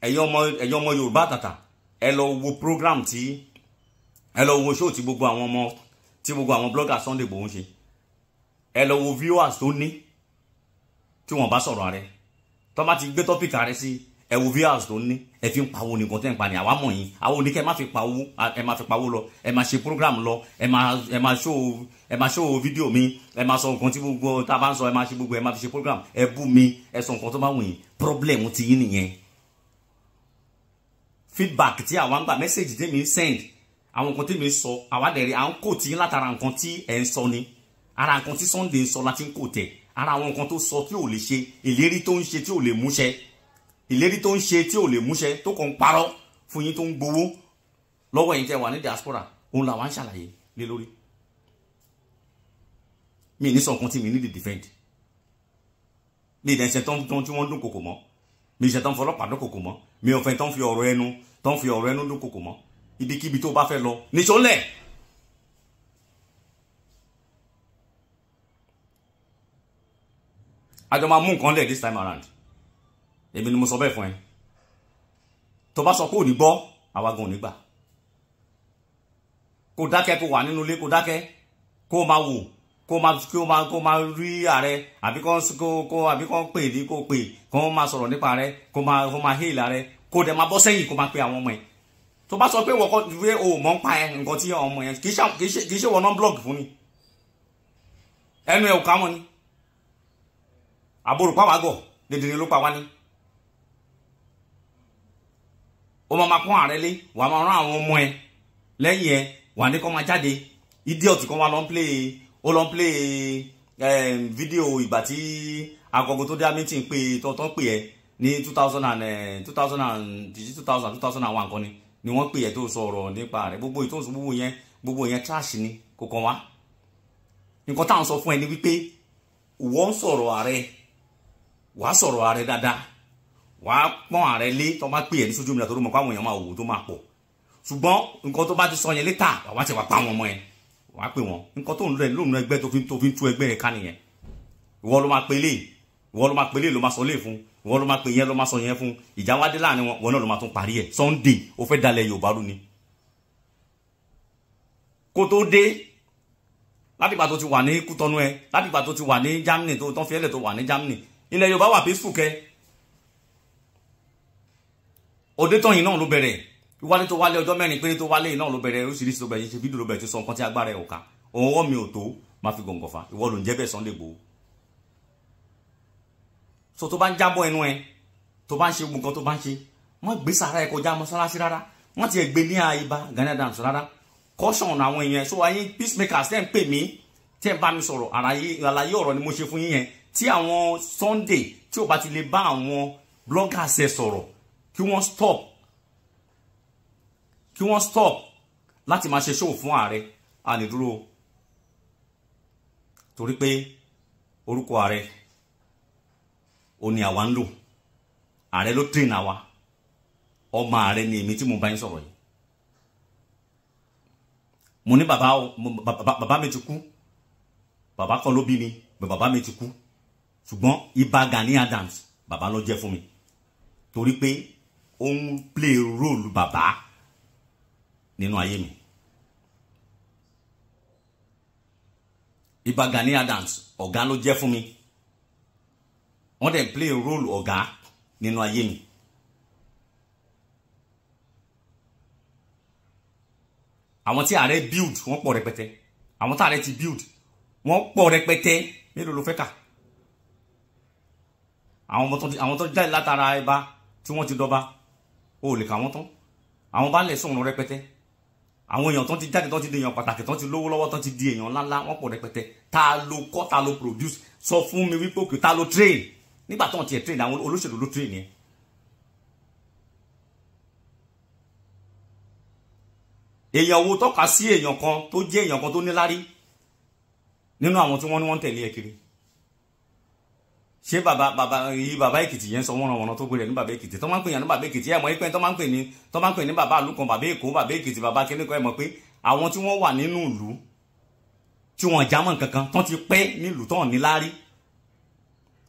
ẹ̀yin ọmọ Yorùbá tàtà ẹ lọ wo program tí ẹ lọ wo show tí gbogbo àwọn ọmọ tí gbogbo àwọn blogger Sunday Igboho ń ṣe ẹ lọ wo viewers tó ní tí wọ́n bá sọ̀rọ̀ ààrẹ tó bá ti gbé topic ààrẹ sí ẹ wo viewers tó ní ẹ fi ń pawó nìkan tẹ́ ń pa ni àwa mọ̀ yín àwọn oníkẹ́ ẹ má fi pawó ẹ má fi pawó lọ ẹ má ṣe program lọ ẹ má ẹ má show ẹ má show fídíò mi ẹ má sọ nǹkan tí gbogbo tá a bá ń sọ ẹ má ṣe gbogbo ẹ má fi ṣe program ẹ bú mi ẹ sọ nǹkan tó bá wù yín problem ti yín nìyẹn feedback tí àwa ń message tí mi send àwọn nǹkan tí mi sọ àwa dẹ̀rẹ̀ à ń kò tí látara nǹkan tí ẹ̀ ń sọ ni ara nǹkan tí Sunday ń sọ láti ń kò tẹ̀ ara àwọn nǹkan tó sọ tí ò lè ṣe ìlérí tó ń ṣe tí ò lè múṣẹ ìlérí tó ń ṣe tí ò lè múṣẹ tó kàn ń parọ́ fún yín tó ń gbowó lọ́wọ́ yín tẹ́ wà ní diaspora òun làwa ń ṣàlàyé lé lórí mi ní sọ̀kan tí mi ní lè defend mi ìdẹ̀ ṣe tán tí wọ́n dún kòkò mọ́ mi ìṣe tán fọlọ́pàá dún kòkò mọ́ mi ò fẹ́ tán fi ọ̀rọ̀ ẹnu tán fi ọ̀rọ̀ ẹnu dún kòkò mọ́ ibikíbi tó bá fẹ́ lọ níṣọ́lẹ̀ àjọ máa mú nǹkan lẹ̀ this time around èmi ni mo sọ bẹ́ẹ̀ fún ẹ tó bá sọ pé ò ní gbọ́ àwa gan ò ní gbà kó dákẹ́ kó wà nínú ilé kó dákẹ́ kó máa wò kó máa kó máa rí ààrẹ àbí kó kó àbí kó pè ní kó pè kó máa sọ̀rọ̀ nípa rẹ kó máa kó máa héèlà rẹ kó dẹ̀ máa bọ́ sẹ́yìn kó máa pe àwọn ọmọ ẹ̀ tó bá sọ pé wọ́n kọ́ wé o mọ̀ ń pa ẹ nǹkan tí ọmọ yẹn kì í ṣe wọ́n náà blog fún ni ẹnu ẹ̀ ò ká mọ́ ni àbúrò pàwágọ̀ dèdèrè ló pa wá ní. ó máa máa pọ́n ààrẹ lé wà á máa rán àwọn ọmọ ẹ lẹ́yìn ẹ wà ní kọ́ máa jáde idiot kan wà lọ́n play ó lọ́n play fídíò eh, ìgbà tí agogo tó dé amítìn pé tọ́tọ́ pè ẹ ní two thousand and eh, two thousand and two thousand two thousand and one kan ni ni wọ́n pè ẹ tó sọ ọ̀rọ̀ nípa rẹ̀ gbogbo ìtòsùn gbogbo yẹn gbogbo yẹn trash ni kò kàn wá nǹkan táwọn sọ fún ẹ ni wípé wọ́n sọ̀rọ̀ ààrẹ wàá sọ̀rọ̀ ààrẹ dáadáa wà á pọ́n ààrẹ lé tó bá pè é ní sójú mi látọ̀rọ̀ mọ̀ káwọn èèyàn máa wò tó máa pọ̀ ṣùgbọ́n nǹkan tó bá ti sọ yẹn létà wàá ti wà pa wọn mọ́ yẹn wàá pè wọn nǹkan tó ń rẹ lóun ẹgbẹ́ tó fi ń tú ẹgbẹ́ yẹn ká nìyẹn ìwọ ló máa pe lé ìwọ ló máa pe lé ló máa sọ lé fún ìwọ ló máa pe yẹn ló máa sọ yẹn fún ìjà wá dé láàrin wọn wọn náà ló máa tún parí ẹ Sunday ó fẹ́ dalẹ̀ Yorùbá lónìí kó tó dé látìgbà tó ti wà ní Kútọ́nù ẹ látìgbà tó ti wà ní Germany tó tán fi ẹlẹ tó wà ní Germany ilẹ̀ Yorùbá wà peaceful kẹ Ọdẹ́tàn yìí náà ló bẹ̀rẹ̀ wálé tó wálé ọjọ́ mẹ́rin péré tó wálé yìí náà ló bẹ̀rẹ̀ oríṣiríṣi tó bẹ̀rẹ̀ ṣe fídíò ló bẹ̀rẹ̀ ti sọ nǹkan tí agbára ẹ̀ ò ká òun ọwọ́ mi ò tó máa fi gọ̀ǹgọ̀ fa ìwọ ló ń jẹ́ bẹ́ẹ̀ Sunday Igboho so tó bá ń jábọ́ ẹnu ẹ tó bá ń ṣe gbogbo nǹkan tó bá ń ṣe wọ́n gbé sàrà ẹ kọjá mọ́ṣáláṣí rárá wọ́n ti ẹ̀ gbé ní àyíbá Ghana rárá caution àwọn èèyàn so ayé peacemakers tẹ́ ń pè mí tẹ́ ń bá mi sọ̀rọ̀ àlàyé ọ̀rọ̀ ni mo ṣe fún yín yẹn tí àwọn Sunday tí ò bá ti lè kí wọ́n stop kí wọ́n stop láti máa ṣe ṣòwò fún ààrẹ ànìdúró torí pé orúkọ ààrẹ ò ní àwa ń lò ààrẹ ló train àwa ọmọ ààrẹ ni èmi tí mo bá yín sọ̀rọ̀ yìí mo ní bàbá bàbá mi ti kú bàbá kan ló bí mi bàbá mi ti kú ṣùgbọ́n ibà Gani Adams bàbá ló jẹ́ fún mi torí pé ó ń play role Baba. nínú ayé mi. Ìbà Gani Adams ọ̀gá ló jẹ́ fún mi wọ́n dẹ̀ play role ọ̀gá nínú ayé mi. àwọn tí ààrẹ build wọ́n pọ̀ rẹpẹtẹ àwọn tí ààrẹ ti build wọ́n pọ̀ rẹpẹtẹ mélòó ló fẹ́ kà àwọn ọmọ tó jáde látara ẹba tí wọ́n ti dọba o lè kà wọ́n tán àwọn bá lẹ̀ sọ̀rọ̀ rẹpẹtẹ àwọn èèyàn tán ti jáde tán ti di èèyàn pàtàkì tán ti lówó lọ́wọ́ tán ti di èèyàn ńláńlá wọ́n pọ̀ rẹpẹtẹ ta ló kọ́ ta ló produce sọ fún mi wípé òkè ta ló train nígbà tán tiẹ̀ train àwọn olóṣèlú ló train yẹn. èèyàn wo tọ́ka sí èèyàn kan tó jẹ́ èèyàn kan tó níláárí nínú àwọn tí wọ́n ní wọ́n tẹ̀lé ẹ kiri ṣé bàbá bàbá yìí bàbá èkìtì yẹn sọ wọ́n tó gbélé ní bàbá èkìtì tó máa ń pè yàn ní bàbá èkìtì ẹ̀ mọ̀ pé máa ń pè ní tó máa ń pè ní bàbá àlùkàn bàbá èkó bàbá èkìtì bàbá kíníkan ẹ̀ pé àwọn tí wọ́n wà nínú ìlú tí wọ́n jámọ́ kankan tán ti pẹ́ nílùú tán níláárí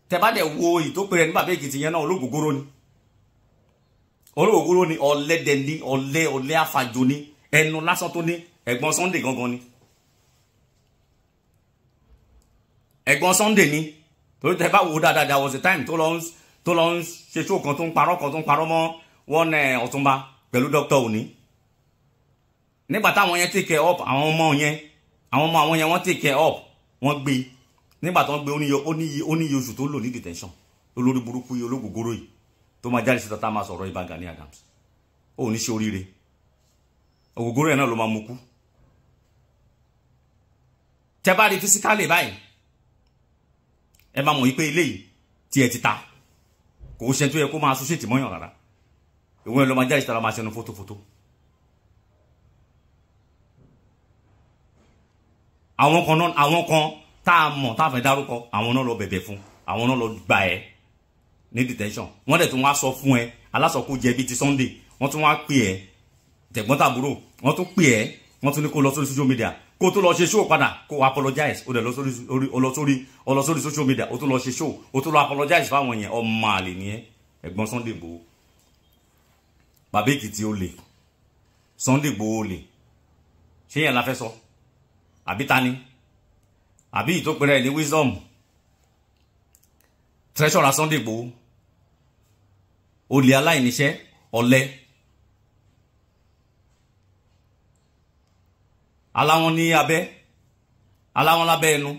tẹ́ bá dẹ̀ wo ìtópẹ́rẹ́ ní bàbá èkìtì yẹn náà olóògógóró ni olóògógóró ni ọ̀lẹ́dẹ̀ ni ọ̀lẹ́ ọ̀lẹ́ àfàjò ni ẹnu lásán tó ní ẹ̀gbọ́n Sunday gangan ni ẹ̀gbọ́n Sunday ni torí tẹ bá wo dáadáa was the time tó lọ ń tó lọ ń ṣe ṣó kan tó ń parọ́ kan tó ń parọ́ mọ́ wọn ẹ̀ eh, ọ̀túnba pẹ̀lú dókítà òní nígbà táwọn yẹn take care up àwọn ọmọ yẹn àwọn ọmọ àwọn yẹn wọ́n take care up wọ́n gbé nígbà tó ń gbé ó níye oṣù tó lò ní detention olórí burúkú yìí olóògógóró yìí tó máa jáde síta tá a máa sọ̀rọ̀ Ìbà Gani Adams ó ní ṣe oríire ògógóró yẹn náà ló máa mú kú tẹ bá rí fisikálì báyìí ẹ máa mọ̀ yí pé eléyìí tí ẹ ti ta kò ṣe tó yẹ kó máa associate mọ́yàn rárá ìwé ẹ̀ lọ́ máa jáde síta máa ṣẹnu fótófótó. àwọn kan náà àwọn kan tá a mọ̀ tá a fẹ́ dárúkọ àwọn náà lọ bẹ̀bẹ̀ fún àwọn náà lọ gbà ẹ́ ní detention wọ́n dẹ̀ tún wá sọ fún ẹ alásọ̀kò jẹ̀bi ti Sunday wọ́n tún wá pè ẹ́ tẹ̀gbọ́n tàbúrò wọ́n tún pè ẹ́ wọ́n tún ní kó lọ sórí social media kó tó lọ ṣe show padà kó o apologize o dẹ̀ lọ sórí lọ sórí lọ sórí social media o tó lọ ṣe show o tó lọ apologize fáwọn yẹn ọmọ àlè nìyẹn ẹ̀gbọ́n Sunday Igboho bàbá Èkìtì olè Sunday Igboho olè ṣé yẹn la fẹ́ sọ àbí tani àbí ìtòpẹ́rẹ́ ní wisdom treasurer Sunday Igboho olè aláìníṣẹ́ ọ̀lẹ ara wọn ní abẹ́ ara wọn lábẹ́ ẹnu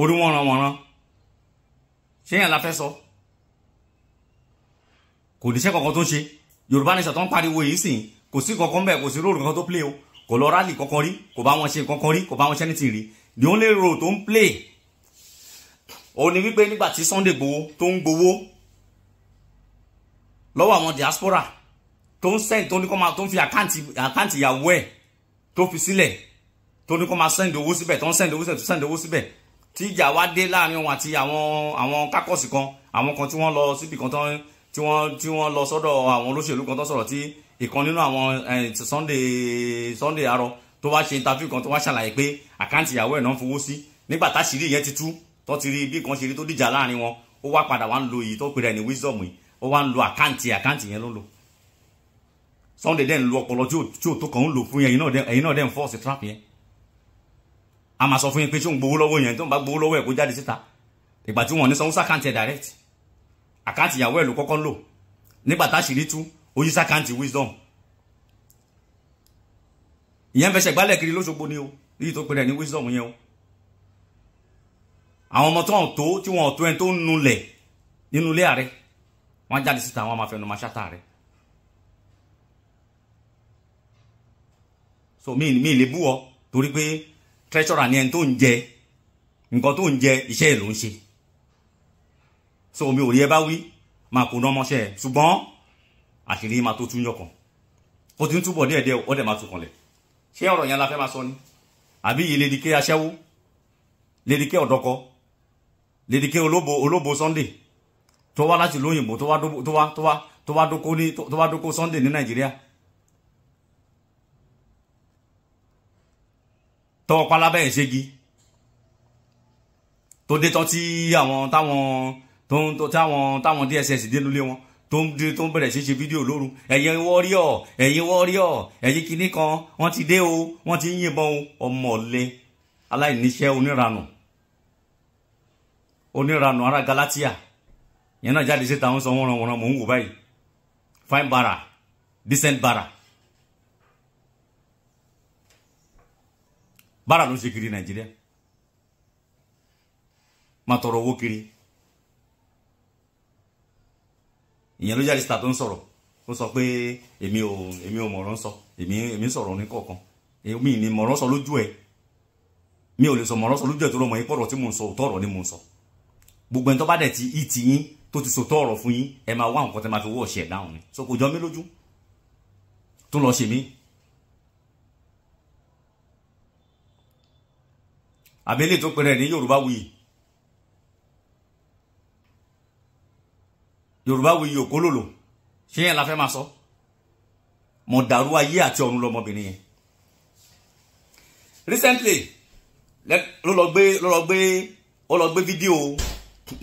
orí wọn ràn wọ́n ràn ṣé yẹn la fẹ́ sọ kò níṣẹ́ kankan tó ń ṣe yorùbá nation tó ń pariwo yìí sìn kò sí kankan bẹ́ẹ̀ kò sí róòlù kankan tó play o kò lọ rally kankan rí kò bá wọn ṣe kankan rí kò bá wọn ṣe anything rí the only role tó ń play òun ni wípé nígbà tí Sunday gbowó tó ń gbowó lọ́wọ́ àwọn diaspora tó ń send tó ní kó máa tó ń fi àkáǹtì àkáǹtì ìyàwó ẹ̀ tó fi sílẹ̀ tó ní kó máa send owó síbẹ̀ tó ń send owó síbẹ̀ tó send owó síbẹ̀ tí ìjà wá dé láàrin wọn àti àwọn àwọn kákọ́sì kan àwọn kan tí wọ́n lọ síbi kan tán tí wọ́n tí wọ́n lọ sọ́dọ̀ àwọn olóṣèlú kan tán sọ̀rọ̀ tí ìkan nínú àwọn Sunday Sunday arọ tó wá ṣe interview kan tó wá ṣàlàyé pé àkáǹtì ìyàwó ẹ̀ náà ń fowó sí nígbà táṣìírí yẹn ti tú tó ti rí bí kan ṣe rí tó dìjà láàrin wọn ó wá padà wá ń lo èyí tó pèrè ní wisdom yìí ó wá ń lo àkáǹtì àkáǹtì yẹn ló ń lò Sunday dẹ̀ ń lo ọpọlọ tí ò tó kàn ń lò fún yẹn ẹ̀yin náà dẹ̀ ń force trap yẹn a máa sọ fún yín pé tí òun gbowó lọ́wọ́ yẹn tó ń bá gbowó lọ́wọ́ ẹ̀ kó jáde síta ìgbà tí wọ́n ní sanwó sàkáǹtì ẹ̀ direct àkáǹtì ìyàwó ẹ̀ ló kọ́kọ́ ń lò nígbà táṣìírí tú ó yí sàkáǹtì wisdom ìyẹn fẹsẹ̀ gbálẹ̀ kiri lóṣogbo ni o èyí tó pèrè ní wisdom yẹn o àwọn ọmọ tó ń tó tí wọn ò tó ẹni tó ń nulẹ̀ nínú ilé so mi mi lè bú ọ torí pé treasurer ni ẹni tó ń jẹ nǹkan tó ń jẹ iṣẹ́ ẹ̀ ló ń ṣe so mi ò rí ẹ bá wí máa kó náà mọ́ṣẹ́ ẹ̀ ṣùgbọ́n àṣírí máa tó tún yọkàn ó ti ń túbọ̀ díẹ̀díẹ̀ ó dẹ̀ máa tún ṣé ọ̀rọ̀ yẹn la fẹ́ máa sọ ni àbí yìí lédi ké aṣẹ́wó lédi ké ọ̀dọ́kọ lédi ké olóbo olóbo Sunday tó wá láti lóyìnbó tó wá tó wá tó wá tó wá dóko ní tó wá dóko Sunday ní Nàìjíríà tọwọ́ pálábá ẹ̀ ṣégi tó dé tọ́ tí àwọn táwọn tó ń tó táwọn táwọn DSS dé lólé wọn tó ń dé tó ń bẹ̀rẹ̀ sí ṣe fídíò lóru ẹ̀yin wọ́ríọ̀ ẹ̀yin wọ́ríọ̀ ẹ̀yin kinní kan wọ́n ti dé o wọ́n ti ń yìnbọn o ọmọ ọ̀lẹ aláìníṣẹ́ oníranù oníranù ará Galatia yẹn náà jáde síta ń sọ wọ́n ràn wọ́n ràn mò ń wò báyìí fine bara decent bara. bára ló ṣe kiri nàìjíríà máa tọrọ owó kiri ìyẹn ló jáde star tó ń sọ̀rọ̀ ó sọ pé èmi ò èmi ò mọ̀ràn sọ èmi èmi sọ̀rọ̀ ní èmi ni mọ̀ràn sọ lójú ẹ̀ mi ò lè sọ mọ̀ràn sọ lójú ẹ̀ tó lọ́mọ ipò ọ̀rọ̀ tí mò ń sọ òótọ́ ọ̀rọ̀ ni mò ń sọ gbogbo ẹni tó bá dẹ̀ ti ì tì yín tó ti sòótọ́ ọ̀rọ̀ fún yín ẹ máa wá nǹkan tẹ́ máa fi wọ́ ọ̀ṣẹ̀ dáhùn ni so kò jọ mí lójú tó lọ ṣe mí àbẹ́lẹ̀ tó pẹ̀rẹ̀ ní yorùbá wuyì yorùbá wuyì òkólòlò ṣé yẹn la fẹ́ máa sọ mo dàrú ayé àti ọ̀run lọmọbìnrin yẹn recently ló lọ gbé ló lọ gbé ó lọ gbé fídíò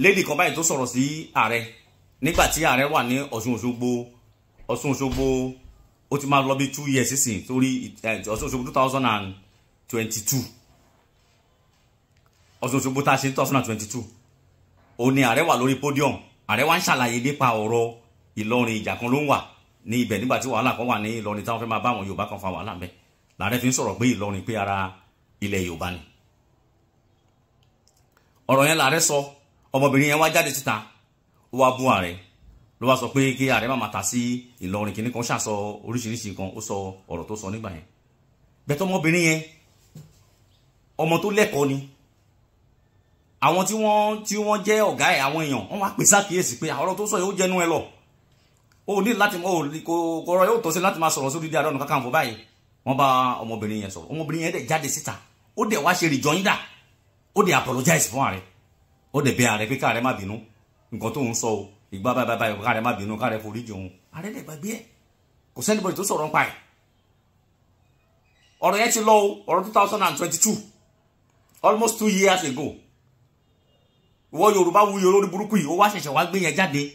lady kan báyìí tó sọ̀rọ̀ sí ààrẹ nígbà tí ààrẹ wà ní ọ̀ṣun òṣogbo ọ̀ṣun òṣogbo ó ti máa lọ bí two years sísìn torí eh, ọ̀ṣun òṣogbo two thousand and twenty two Ọ̀ṣun Òṣogbo tá a ṣe ní two thousand twenty two òun ni ààrẹ wà lórí podium ààrẹ wa ń ṣàlàyé nípa ọ̀rọ̀ Ìlọrin ìjà kan ló ń wà ní ibẹ̀ nígbà tí wàhálà kan wà ní Ìlọrin táwọn fẹ́ máa bá àwọn Yorùbá kan fa wàhálà mẹ́ làárẹ̀ fi ń sọ̀rọ̀ pé Ìlọrin pé ara ilẹ̀ Yorùbá ni ọ̀rọ̀ yẹn làárẹ̀ sọ ọmọbìnrin yẹn wá jáde síta ó wá bú ààrẹ ló wá sọ pé kí ààrẹ má máa ta sí Ìlọrin kìnnì kan ṣàṣọ oríṣiríṣi nǹkan ó sọ ọ̀rọ̀ tó sọ nígbà yẹn bẹ́tọ̀ ọmọbìnrin yẹn ọmọ tó lẹ́kọ̀ọ́ ni àwọn tí wọ́n tí wọ́n jẹ́ ọ̀gá ẹ̀ àwọn èèyàn wọ́n wá pè sákìyèsí pé àwọn ọ̀rọ̀ tó sọ yóò jẹnu ẹ lọ o ní láti o kò kọrọ yóò tọ́ sí láti máa sọ̀rọ̀ sórí Ààrẹ Ọ̀nà Kakanfò báyìí wọ́n bá ọmọbìnrin yẹn sọ̀rọ̀ ọmọbìnrin yẹn dẹ̀ jáde síta ó dẹ̀ wá ṣe rìjọ́yìndà ó dẹ̀ apologize fún ààrẹ ó dẹ̀ bẹ ààrẹ pé káàrẹ má bínú nǹkan tó ń sọ o ìgbà báyìí báyìí káàrẹ má bínú káàrẹ forí jòun ààrẹ dẹ̀ gbàgbé ẹ̀ kò sẹ́nibọ̀dì tó sọ̀rọ̀ nípa ẹ̀ ọ̀rọ̀ yẹn ti lọ o ọ̀rọ̀ two thousand and twenty two almost two years ago ìwọ yorùbá wuyì olórí burúkú yìí ó wá ṣẹ̀ṣẹ̀ wá gbé yẹn jáde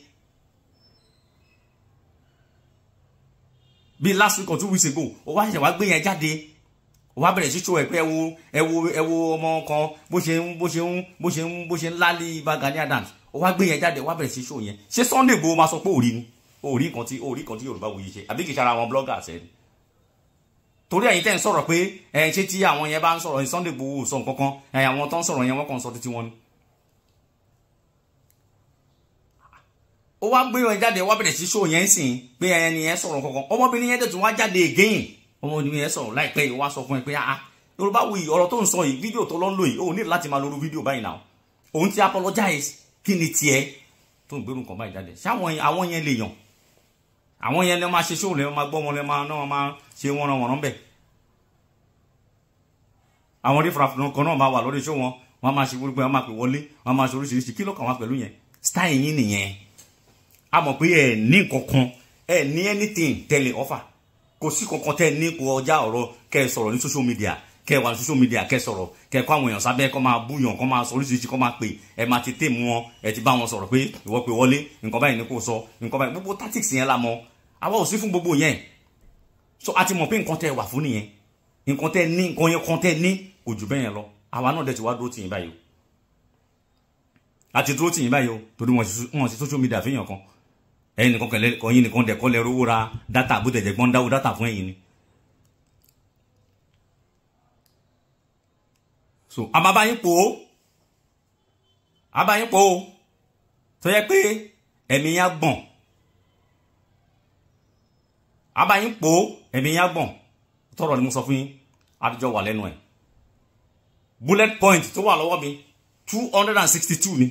bíi last week or two weeks ago ó wá ṣẹ̀ṣẹ̀ wá gbé yẹn jáde ó wá bẹ̀rẹ̀ sí ẹ̀ pé ẹ wo ẹ wo ẹ wo ọmọ kan bó ṣe ń bó ṣe ń bó ṣe ń bó ṣe ń lálé bá Adams ó wá gbé yẹn jáde ó wá bẹ̀rẹ̀ sí yẹn ṣé Sunday Igboho máa sọ pé òrí ni òrí kan tí òrí kan tí yorùbá wuyì ṣe àbí kì torí ẹ̀yin tẹ́ ń sọ̀rọ̀ pé ẹ̀ ṣé tí àwọn yẹn bá ń sọ̀rọ̀ Sunday Igboho sọ nǹkan kan àwọn tó ń sọ̀rọ̀ yẹn wọ́n kàn ń sọ títí wọn ni ó wá gbé wọn jáde wá bẹ̀rẹ̀ sí ṣó yẹn sìn pé ẹni yẹn sọ̀rọ̀ kankan ọmọbìnrin yẹn dẹ̀tún wá jáde again ọmọbìnrin yẹn sọ̀rọ̀ láìpẹ́ yìí wá sọ fún ẹ pé ah, ah yorùbá wo yìí ọ̀rọ̀ tó ń sọ yìí fídíò tó lọ́n lò yìí òun ní láti máa lóru fídíò báyìí náà òun ti apologize kí ni tiẹ̀ tó ń gbérù nǹkan jáde ṣáwọn àwọn yẹn lè yàn àwọn yẹn lè máa ṣe ṣóòlù ẹ máa gbọ́ wọn lè máa ṣe wọn ràn wọn rán àwọn onífarafin kan náà máa wà lórí ṣó wọn wọn máa ṣe gbogbo wọn máa pè wọlé wọn máa ṣe oríṣiríṣi kí ló kàn pẹ̀lú yẹn style yín nìyẹn a mọ̀ pé ẹ ní kankan ẹ ní anything tẹ́lẹ̀ ọ̀fà kò sí kankan tẹ́ ní kọjá ọ̀rọ̀ kẹ́ ẹ sọ̀rọ̀ ní social media kẹ́ ẹ wà ní social media kẹ́ ẹ sọ̀rọ̀ kẹ́ ẹ kọ́ àwọn èèyàn sábẹ́ kọ́ máa búyàn kọ́ máa sọ oríṣiríṣi kọ́ máa pè ẹ máa ti tèmú wọn ẹ ti bá wọn sọ̀rọ̀ pé ìwọ pé wọlé nǹkan báyìí ni kò sọ nǹkan báyìí gbogbo tactics yẹn la mọ̀ àwa ò sí fún gbogbo yẹn so a ti mọ̀ pé nǹkan tẹ́ wà fún nìyẹn nǹkan tẹ́ ní nǹkan yẹn kan tẹ́ ní kò jù bẹ́ẹ̀ yẹn lọ àwa náà dẹ̀ ti wá dúró tì báyìí o àti dúró tì báyìí o torí wọn sì social media fi yàn kan ẹ̀yin nìkan kẹlẹ ọyin nìkan dẹkọ lẹ rówó ra dátà bó tẹjẹ gbọn dáwó dátà fún ẹ̀yin ni. so amabayin po abayin po tó yẹ pé ẹ̀mí yá gbọ̀n abayin po ẹ̀mí yá gbọ̀n tọrọ ni mo sọ fún yín àtijọ́ wà lẹ́nu ẹ̀ bullet point tó wà lọ́wọ́ mi two hundred and sixty two ni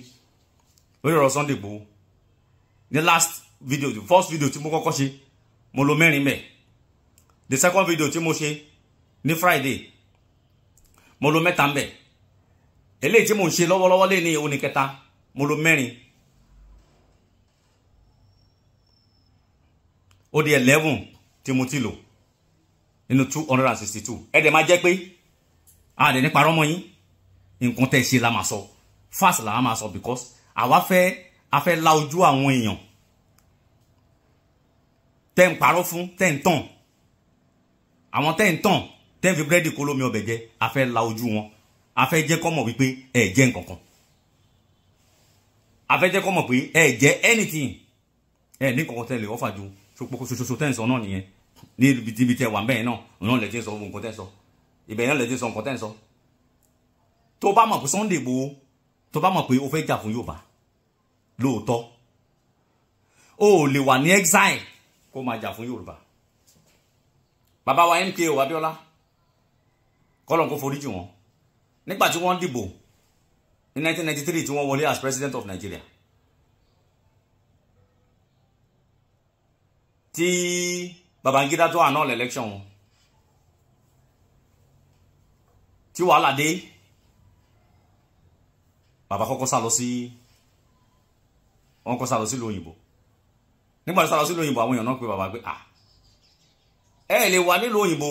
lórí ọ̀rọ̀ Sunday Igboho ní last video first video tí mo kọ́kọ́ ṣe mo lo mẹ́rin bẹ́ẹ̀ the second video tí mo ṣe ní friday mo lo mẹ́ta ń bẹ̀ eléyìí tí mo ń ṣe lọ́wọ́lọ́wọ́ lé ní òní kẹta mo lo mẹ́rin ó di eleven tí mo ti lò nínú two hundred and sixty two ẹ dẹ̀ máa jẹ́ pé a dẹ̀ nípa rọ́mọ yín nǹkan tẹ̀ ṣe la máa sọ fast la máa sọ because àwa fẹ́ a fẹ́ la ojú àwọn èèyàn tẹ́ ń parọ́ fún tẹ́ ń tàn àwọn tẹ́ ń tàn tẹ́ ń fi búrẹ́dì kó lómi ọbẹ̀ jẹ a fẹ́ la ojú wọn a fẹ́ jẹ́ kọ́ mọ̀ wípé ẹ jẹ́ nǹkan kan a fẹ́ jẹ́ kọ́ mọ̀ pé ẹ jẹ́ anything ẹ ní kọ̀kọ́ tẹ́ lè ọ́fà ju ṣoṣoṣo tẹ́ ń sọ náà nìyẹn ní ibi tẹ́ wà mẹ́yìn náà náà lè ti sọ ohun nǹkan tẹ́ ń sọ ibẹ̀ náà lè ti sọ nǹkan tẹ́ ń sọ tó bá mọ̀ pé Sunday Igboho tó bá mọ̀ pé o fẹ́ jà fún Yorùbá lóòótọ́ o ò lè wà ní exile kó máa jà fún Yorùbá bàbá wa MKO Abíọ́lá kọlọ̀ kó foríjì wọn nígbà tí wọ́n dìbò ní 1993 tí wọ́n wọlé as president of Nigeria tí Babangida tó annul election wọn tí wàhálà dé bàbá kọ́kọ́ sá lọ sí wọ́n kọ́ sá lọ sí ìlú nígbà tí a lọ sí lóyìnbó àwọn èèyàn náà pé bàbá pé à ẹ lè wà nílùú òyìnbó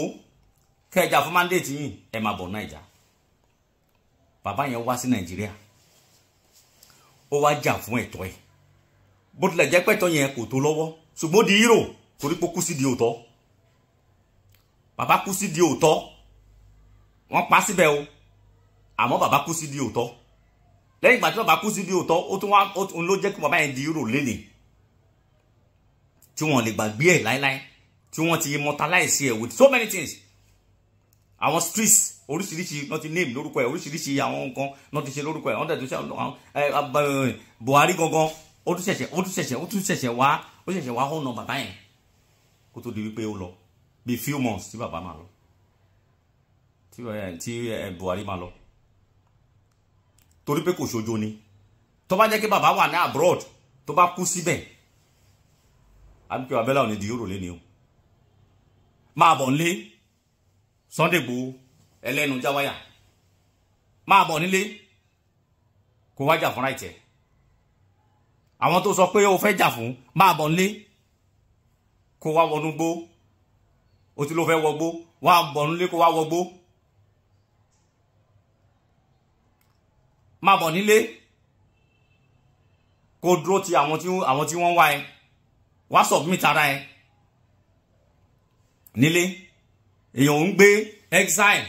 kẹjà fún mandate yìí ẹ máa bọ̀ nàìjà bàbá yẹn wá sí nàìjíríà ó wá jà fún ẹ̀tọ́ ẹ̀ bó tilẹ̀ jẹ́ pẹ́tọ́ yẹn kò tó lọ́wọ́ ṣùgbọ́n di hero torí pé kú sí di òótọ́ bàbá kú sí di òótọ́ wọ́n pa síbẹ̀ o àmọ́ bàbá kú sí di òótọ́ lẹ́yìn ìgbà tí bàbá kú sí di òótọ́ ó tún wá ó tún ló jẹ́ kí bàbá yẹn di hero lénìí tí wọ́n lè gbàgbé ẹ̀ láéláé tí wọ́n ti immortalize ẹ̀ with so many things àwọn streets oríṣiríṣi wọ́n ti name lórúkọ ẹ̀ oríṣiríṣi àwọn nǹkan wọ́n ti ṣe lórúkọ ẹ̀ wọ́n tẹ̀ tó ṣe àwọn Buhari gangan ó tún ṣẹ̀ṣẹ̀ ó tún ṣẹ̀ṣẹ̀ ó tún ṣẹ̀ṣẹ̀ wá ó ṣẹ̀ṣẹ̀ wá hóun náà bàbá yẹn kó tó di wípé ó lọ bíi few months tí bàbá máa lọ tí Buhari máa lọ torí pé kò ṣojo ni tó bá jẹ́ kí bàbá wà ní abroad tó bá kú síbẹ̀ àbíkú abẹ́là òní di yóò rò lé ni o máa bọ̀ nílé Sunday Igboho ẹlẹ́nu jáwáyà máa bọ̀ nílé kó wájà fúnra ìtẹ́ àwọn tó sọ pé o fẹ́ jà fún máa bọ̀ nílé kó wá wọnú gbó o ti ló fẹ́ wọgbó wá bọ̀ nílé kó wá wọgbó máa bọ̀ nílé kó dúró ti àwọn tí wọ́n wá ẹ wá submit ara ẹ nílé èèyàn ò ń gbé exile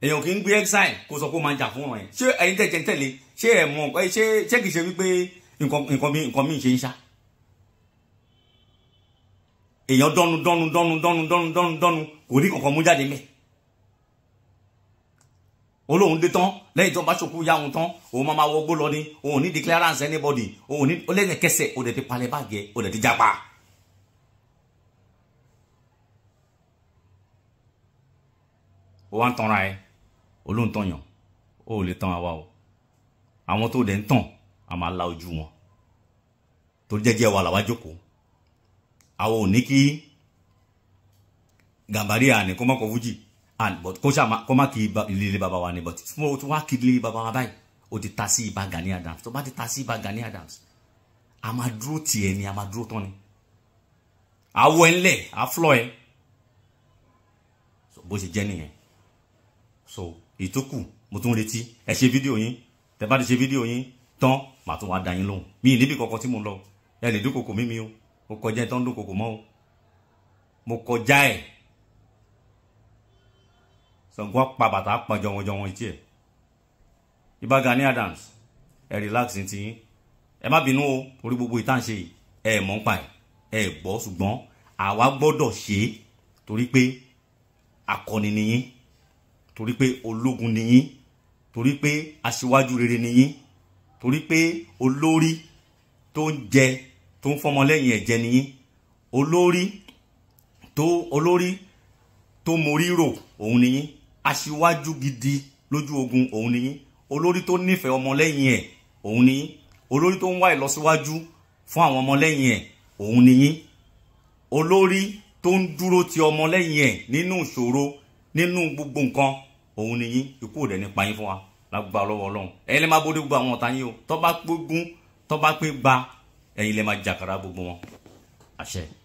èèyàn kì í gbé exile kó sọ pé ó máa ń jà fún ọ̀rọ̀ yẹn ṣé ẹ̀yin tẹ̀jẹ̀ tẹ̀lé ṣé ẹ̀ mọ̀ ṣé ṣé kìí ṣe wípé nǹkan mi nǹkan mi ṣe ń ṣá èèyàn dọ́nu dọ́nu dọ́nu dọ́nu dọ́nu dọ́nu kò rí kankan mú jáde mẹ́ẹ̀ olóhùn dé tán lẹ́yìn tó bá ṣokú ya òun tán òun máa wọgbó lọ ni òun ní declarance anybody òun ní lẹ́sẹ̀kẹsẹ̀ ó dẹ̀ ti palẹ̀ báàgì ẹ̀ ó dẹ̀ ti japa. ó wá ń tanra ẹ olóhùn tán yàn ó lè tán àwa o àwọn tó dẹ̀ ń tàn a máa la ojú wọn tó jẹ́jẹ́ wa làwa jókòó àwọn ò ní kí gàmbàrí àní kó má kọ fújì and but kó ṣàmà kó má kí ilé bàbá wa ni but fún o tún wá kí ilé bàbá wa báyìí o ti ta sí ibà Gani Adams tó bá ti ta sí ibà Gani Adams a máa dúró tiẹ̀ ni a máa dúró tán ni awọ ẹ ńlẹ̀ aflọ ẹ bó ṣe jẹ́ nìyẹn so ìtókù mo tún retí ẹ ṣe fídíò yín tẹ bá ti ṣe fídíò yín tán màá tún wá da yín lóhùn mi ì níbi kankan tí mo lọ ẹ lè dúnkokò mímí o mo kọjá ẹ tán dúnkokò mọ́ o mo kọjá ẹ. Ṣàngó pa bàtà pọn jọ̀wọ̀jọ̀wọ̀ etí ẹ̀ Ìbà Gani Adams ẹ relax ní tiyín ẹ má bínú o orí gbogbo ìtàn ṣe ẹ mọ̀ ń pa ẹ ẹ gbọ́ ṣùgbọ́n àwa gbọ́dọ̀ ṣe é torí pé akọni niyín torí pé ológun niyín torí pé aṣíwájú rere niyín torí pé olórí tó ń jẹ tó ń fọmọlẹ́yìn ẹ̀ jẹ niyín olórí tó olórí tó morí rò òun niyín aṣíwájú gidi lójú ogun òun ni yín olórí tó nífẹ̀ẹ́ ọmọlẹ́yìn ẹ̀ òun ni yín olórí tó ń wá ìlọsíwájú fún àwọn ọmọlẹ́yìn ẹ̀ òun ni yín olórí tó ń dúró ti ọmọlẹ́yìn ẹ̀ nínú ìṣòro nínú gbogbo nǹkan òun ni yín ikú ò nípa yín fún wa lágbà lọ́wọ́ ọlọ́run ẹ̀yin lè máa bóde gbogbo àwọn ọ̀tá yín o tó bá pé gún tó bá pé gba ẹ̀yin lè máa jàkàrà gbogbo wọn àṣẹ.